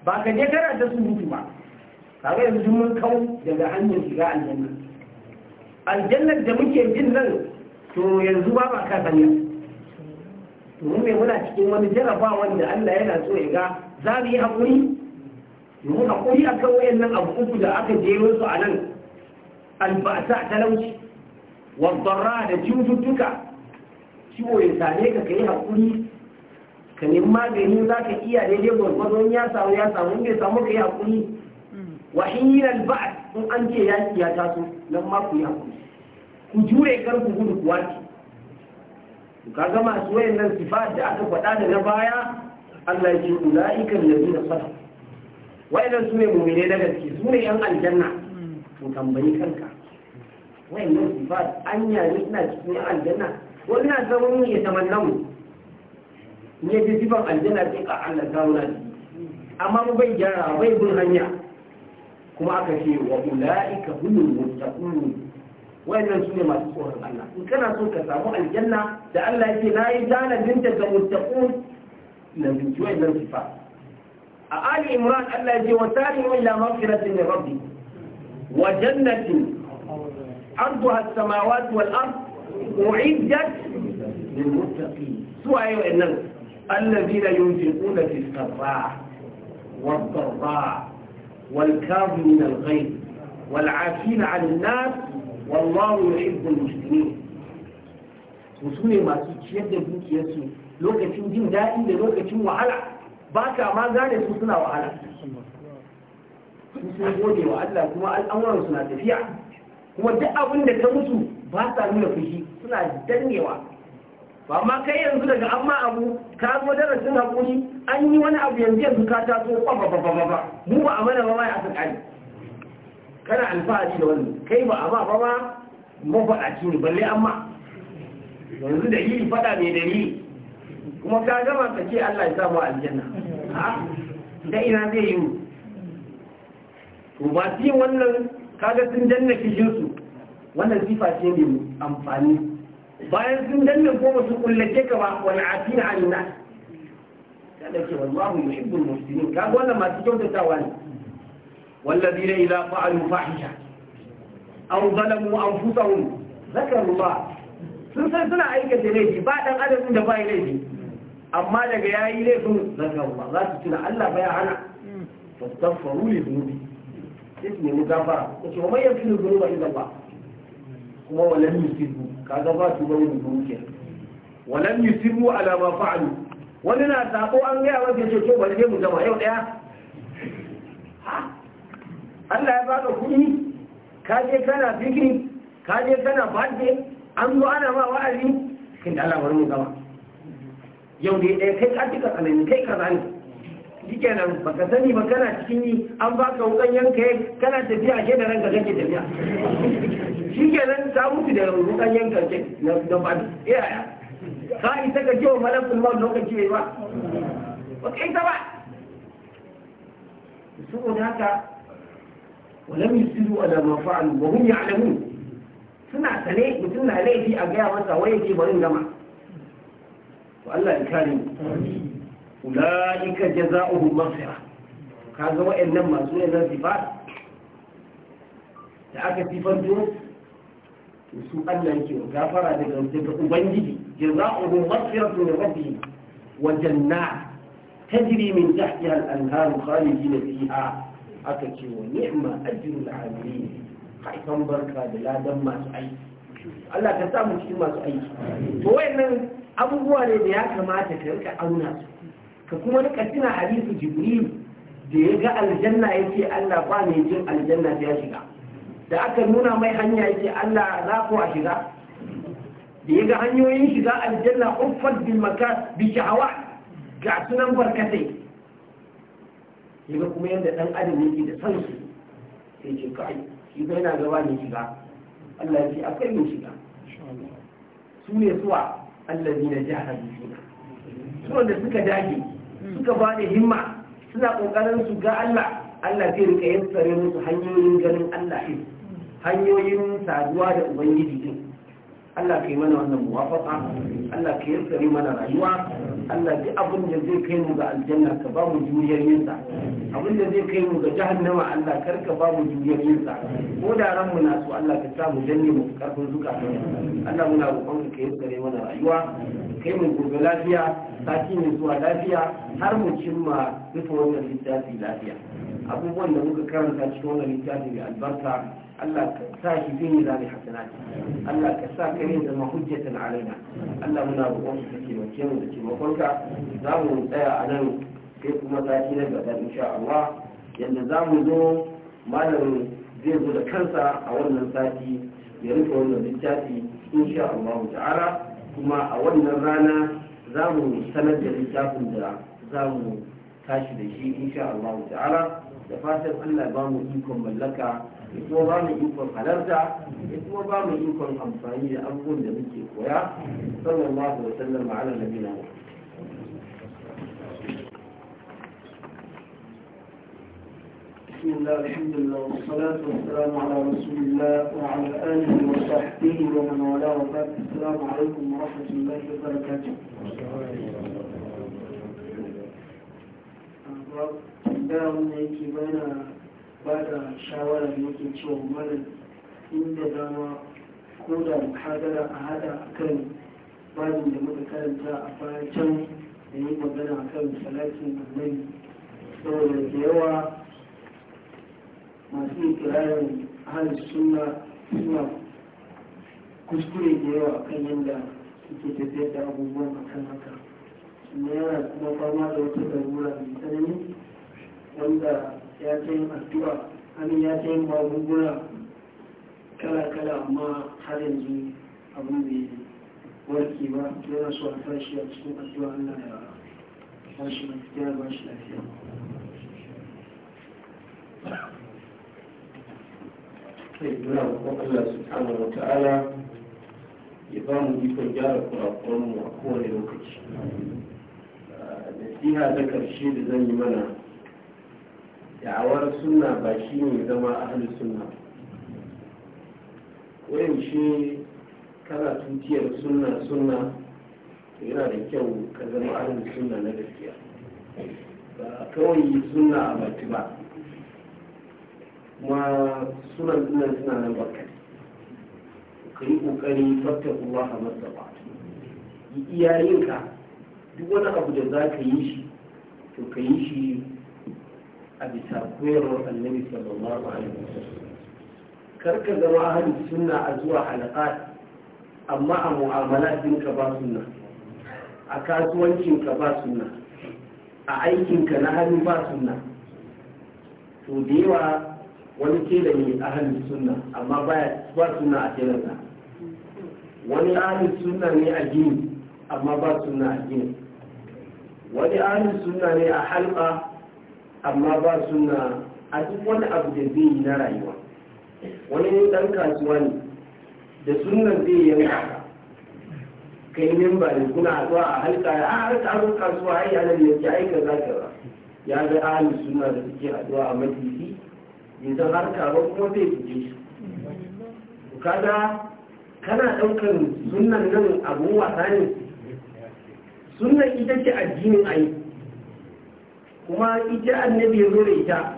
ba ka je kana ta mutu ba kaga yanzu mun kau daga hanyar shiga aljanna aljannar da muke jin nan to yanzu ba ba ka sanya mu ne muna cikin wani jarabawan da Allah yana so ya ga za mu yi haƙuri mu haƙuri a kan wayannan abu uku da aka je su a nan albasa talauci wadda da cututtuka ciwo ya same ka kai haƙuri ka nemi magani za ka iya daidai gwargwadon ya samu ya samu bai samu ka yi haƙuri wa hiyar in an ce ya ya taso nan ma ku yi haƙuri ku jure kar ku gudu kuwa ka masu wayan wayannan sifat da aka faɗa da na baya Allah ya ce ulaiika allazina sadaqu wayannan su ne mu'mine da gaske su ne yan aljanna to tambayi kanka wayannan sifat anya ne ina cikin aljanna wani na zama mun ya mu. ne ji sifan aljanna sai ka Allah ta wuna amma mu bai gyara bai bin hanya kuma aka ce wa ulaiika humul muttaqun wayannan su masu tsoron Allah in kana so ka samu aljanna da Allah yake na yi binta da ga muttaqun na binci wayannan sifa a ali imran Allah yake wa tarihu illa maghfiratin min rabbi wa jannatin arduha as-samawati wal ard u'iddat lil muttaqin suwaye wayannan الذين ينفقون في السراء والضراء والكاظمين الغيظ والعافين عن الناس wallahu yuhibbul muslimin su ne masu ciyar da dukiyarsu lokacin jin daɗi da lokacin wahala ba ka ma gane su suna wahala su sun gode wa Allah kuma al'amuran suna tafiya kuma duk abin da ta mutu ba sa nuna fushi suna dannewa ba ma kai yanzu daga amma abu ka zo darasin haƙuri an yi wani abu yanzu yanzu ka taso ba ba ba ba mu ba a mana ma mai a tsakani kana alfahari da wannan kai ba a ma ba ma mafaɗaci ne balle amma yanzu da yi faɗa mai dalili kuma ka gama ka ce Allah ya samu aljanna da ina zai yi to ba su wannan kaga sun danna su wannan sifa ce mai amfani bayan sun danna ko ba su kullace ka ba wani afina an na ta da mu wallahu yuhibbul muslimin kaga wannan masu kyautatawa ne والذين إذا فعلوا فاحشة أو ظلموا أنفسهم ذكروا الله sun san suna aikata laifi ba dan adam da bai laifi amma daga yayi laifin zakaru ba za su tuna Allah bai hana fastaghfiru li dhunubi sai ne mu gafara ko ce mai yafi ne dhunuba idan ba kuma walan yusibu kaga ba su bari mu duke walan yusibu ala wani na sako an ga ya wace ce mu yau ɗaya? Allah ya baka kuɗi ka je kana fikiri ka kana fadde an zo ana ma wa'azi kin da Allah bari mu gama yau da ɗaya kai ka tsanani kai ka zani shikenan baka sani ba kana cikin yi an baka wukan yanka kana tafiya ke da ranka kake tafiya shikenan ta mutu da wukan yanka ke na fadi iyaya eh, ka isa ka ce wa malakul maut lokaci bai ba ba kai ta ba saboda haka ولم يسيروا على ما فعلوا وهم يعلمون suna sane mutum na laifi a gaya wata waye ke barin gama to Allah ya kare mu ulaika jazaohum maghfira kaga wayannan masu yana sifat da aka sifanto to su Allah yake wa gafara daga daga ubangiji jazaohum maghfiratu min rabbihim wa jannat tajri min aka ce wa ni'ma ajrul amilin haifan barka da ladan masu aiki Allah ka sa mu cikin masu aiki to wayannan abubuwa ne da ya kamata ka rika auna su ka kuma rika tuna hadisi jibril da ya ga aljanna yace Allah ba ne jin aljanna ya shiga da aka nuna mai hanya yace Allah za ku a shiga da ya ga hanyoyin shiga aljanna uffad bil makas bi sha'awa ga sunan barkatai ga kuma yadda ɗan adam yake da san su sai ce kai shi ga yana gaba ne shiga Allah ya ce akwai mai shiga su ne suwa ne na jihar fina su wanda suka dage suka ba da himma suna kokarin su ga Allah Allah zai rika yassare musu hanyoyin ganin Allah din hanyoyin saduwa da ubangiji din Allah ka yi mana wannan muwafaka Allah ka yassare mana rayuwa Allah duk abin da zai kai mu ga aljanna ka ba mu juriyar sa abin da zai kai mu ga jahannama Allah kar ka ba mu juriyar sa ko da ran mu na so Allah ka sa mu danne mu karfin zuka Allah muna roƙon ka kai kare mana rayuwa kai mu gobe lafiya sati mu zuwa lafiya har mu cimma rufe wannan littafi lafiya abubuwan da muka karanta cikin wannan littafi mai albarka Allah ka sa shi fi mizani hasanati Allah ka sa ka ne zama hujjatan alaina Allah muna roƙon ka mace mu da taimakonka za mu tsaya a nan sai kuma sati na gaba insha Allah yadda za mu zo malamin zai zo da kansa a wannan sati ya rufe wannan littafi insha Allah ta'ala kuma a wannan rana za mu sanar da littafin da za mu tashi da shi insha Allah ta'ala da fatan Allah ba mu ikon mallaka ya kuma ba mu ikon halarta ya kuma ba mu ikon amfani da abubuwan da muke koya sallallahu alaihi wasallam ala nabiyina بسم الله الحمد لله والصلاة والسلام على رسول الله وعلى آله وصحبه ومن والاه وبعد السلام عليكم ورحمة الله وبركاته. Bayan da yake bayan ba da shawara da yake cewa malam inda dama ko da muhadara a hada a kan babin da muka karanta a baya can da yi magana a kan salatin annabi saboda da yawa masu ikirarin ahalin suna suna kuskure da yawa kan yadda suke tafiyar da abubuwan a kan haka yana kuma fama da wata larura mai tsanani wanda ya ta yin addu'a hannun ya ta yin magunguna kala-kala amma har yanzu abin bai warke ba yana so a tashi a cikin addu'a Allah ya ba shi lafiya ba shi lafiya Ina roƙon Allah subhanahu wa ta'ala ya ba mu ikon gyara kurakuranmu a kowane lokaci. Nasiha ta ƙarshe da zan yi mana da'awar suna ba shi ne zama ahalin suna wayan shi kana tutiyar suna suna to yana da kyau ka zama ahalin suna na gaskiya ba kawai suna a baki ba kuma sunan sunan suna nan barka ka yi kokari fatta kuma a masa ba iyayenka duk wani abu da za ka yi shi to ka yi shi a bisa koyarwar annabi sallallahu alaihi wasallam karka zama ahli sunna a zuwa halaqat amma a mu'amala dinka ba a kasuwancinka ba sunna a aikinka na ba to da yawa wani tela ne amma ba suna a telarsa wani ahli suna ne a gini amma ba suna a gini wani ahli suna ne a amma ba suna a duk wani abu da zai yi na rayuwa wani ne dan kasuwa ne da sunan zai yanka ka yi memba ne kuna zuwa a halka ya ah, a harka abin kasuwa ai yanar yanki ai ka za ka ba ya ga ahli suna da suke haɗuwa a majalisi bai har harka ba kuma zai fice su kada kana ɗaukar sunan nan abubuwa wasa ne sunan ita ce addinin aiki. kuma ita annabi ya zo da ita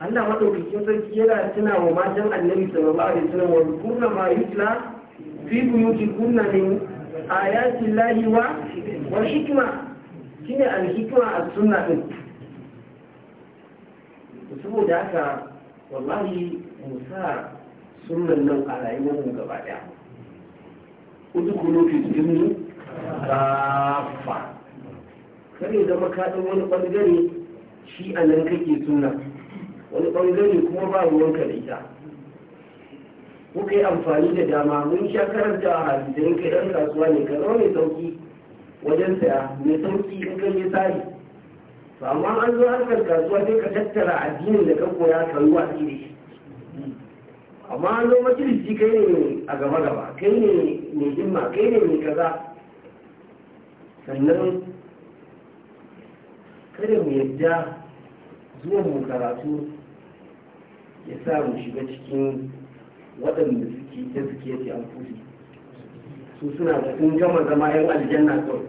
Allah madaukakin sarki yana tuna wa matan annabi sallallahu alaihi wasallam wa kunna ma yutla fi buyuti kunna min ayati llahi wa wa hikma kine al hikma as sunna din saboda haka wallahi musa sunnan nan a rayuwar mu gaba daya udkhulu fi sunni kafa kare zama kaɗin wani ɓangare shi a nan kake suna wani ɓangare kuma ba ruwanka da ita kuka yi amfani da dama mun sha karanta a hadisayin kai ɗan kasuwa ne ka zama mai sauki wajen saya mai sauki in kai ya tsari to amma an zo harkar kasuwa sai ka tattara addinin da ka koya ka yi watsi da shi amma an zo majalisi kai ne a gaba gaba kai ne mai himma kai ne mai kaza sannan kada mu yadda zuwa mu karatu ya sa mu shiga cikin waɗanda suke ta suke yake amfani su suna da sun gama zama yan aljanna kawai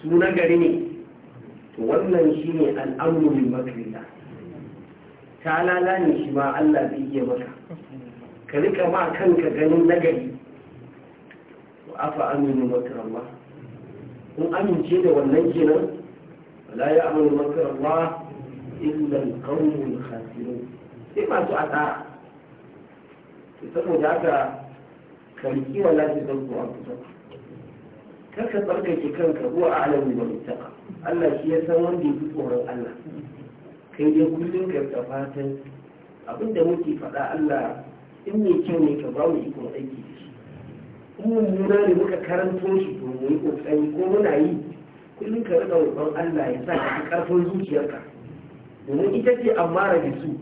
su na gari ne to wannan shi ne al'amurin makarila ta lala ne shi ma allah zai iya maka ka rika ma kanka ganin nagari wa afa aminu makarawa Kun amince da wannan kenan la ya amanu makar Allah illa al-qawmul khasirun sai masu asara to saboda haka karki wala ta zanku a kusa kar ka tsarkake kanka ko a alamu ba mutaka Allah shi ya san wanda ya fi tsoron Allah kai dai kullum ka ta fatan abinda muke faɗa Allah in ne kyau ne ka ba mu ikon aiki mummuna ne muka karanto shi domin yi kokari ko muna yi kullum ka rika roƙon Allah ya sa ka karfin zuciyarka domin ita ce amara da su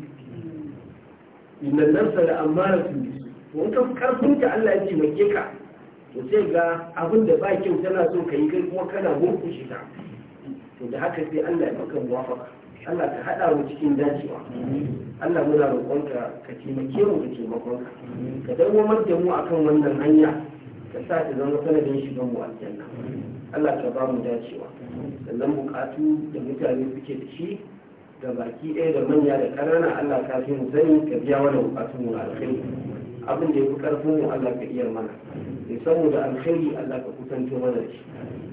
inna nafsa da amara su bisu su in ka karfin ta Allah ya ce taimake ka to sai ga abin da ba kyau tana so ka yi kai kuma kana gurku shi ta to da haka sai Allah ya maka muwafaka Allah ka haɗa mu cikin dacewa Allah muna roƙonka ka taimake mu da taimakonka ka dawo mu akan wannan hanya ka sa ta zama sanadin shigan mu aljanna Allah ka ba mu dacewa sannan bukatu da mutane suke da shi da baki ɗaya da manya da ƙanana Allah ka fi mu sani ka biya wani bukatun mu alkhairi abin da ya fi ƙarfin mu Allah ka iya mana mai saboda alkhairi Allah ka kusanto mana da shi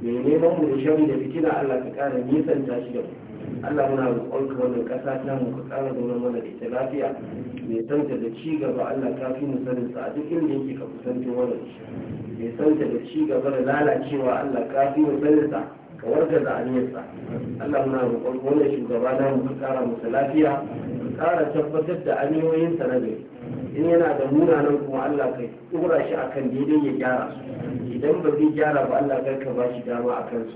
mai neman mu da shari da fitina Allah ka ƙara nisan shi da mu Allah muna roƙonka wannan ƙasa ta mu ka ƙara zama mana da ita lafiya mai santa da ci gaba Allah ta fi mu sanin sa a duk inda yake ka kusanto wani mai santa da ci gaba da lalacewa Allah ka fi mu sanin sa ka warga da aniyarsa Allah muna roƙonka wannan shugaba na mu ka ƙara masa lafiya ka ƙara tabbatar da aniyoyinsa na gari in yana da munanan kuma Allah ka tura shi akan daidai ya gyara su idan ba zai gyara ba Allah kai ka shi dama a kansu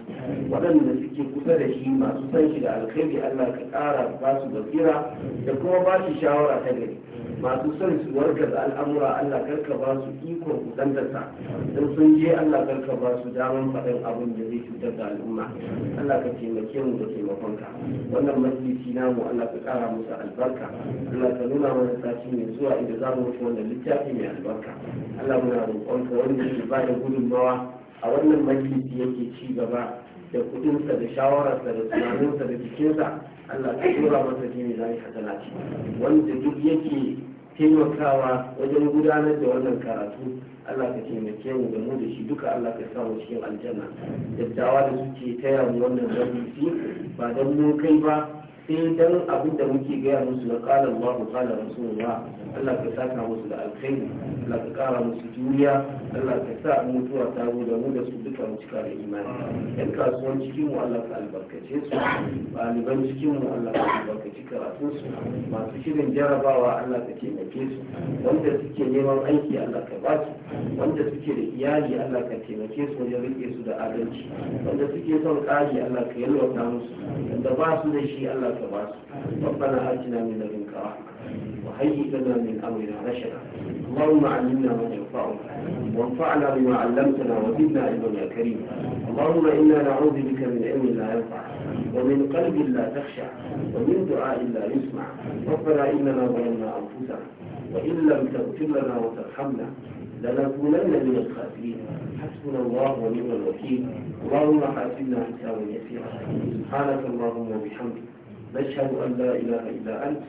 waɗanda suke kusa da shi masu san shi da alkhairi Allah ka ƙara ba su basira da kuma ba shi shawara ta gari masu son su warga da al'amura Allah karka ba su ikon kusantarsa don sun je Allah karka ba su daman faɗin abin da zai cutar da al'umma Allah ka taimake mu da taimakonka wannan majalisi namu Allah ka kara musu albarka Allah ka nuna mana sati mai zuwa inda za mu rufe wannan littafi mai albarka Allah muna roƙonka wanda ke ba da gudunmawa a wannan majalisi yake ci gaba da kudinsa da shawararsa da tunaninsa da jikinsa Allah ka tura masa jini zai hasala wanda duk yake taimakawa wajen gudanar da wannan karatu Allah ka taimake mu da mu da shi duka Allah ka sa mu cikin aljanna dattawa da suke taya mu wannan zafi ba don mu kai ba sai dan abin da muke gaya musu na kala Allah ko kala Rasulullah Allah ka saka musu da alkhairi Allah ka kara musu duniya Allah ka sa mutuwa ta zo da mu da su duka mu cika da imani yan kasuwan cikin mu Allah ka albarkace su baliban cikin mu Allah ka albarkaci karatun su masu shirin jarabawa Allah ka taimake su wanda suke neman aiki Allah ka ba su wanda suke da iyali Allah ka taimake su wajen rike su da adalci wanda suke son kaji Allah ka yalwata musu wanda ba su da shi Allah ولا ربنا آتنا من لدنك رحمة وهيئ لنا من أمرنا رشدا اللهم علمنا ما ينفعنا وانفعنا بما علمتنا وزدنا علما يا كريم اللهم إنا نعوذ بك من علم لا ينفع ومن قلب لا تخشع ومن دعاء لا يسمع ربنا إننا ظلمنا أنفسنا وإن لم تغفر لنا وترحمنا لنكونن من الخاسرين حسبنا الله ونعم الوكيل اللهم حاسبنا حسابا يسيرا سبحانك اللهم وبحمدك نشهد أن لا إله إلا أنت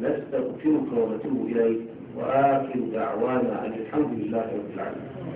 نستغفرك ونتوب إليك وآخر دعوانا أن الحمد لله رب العالمين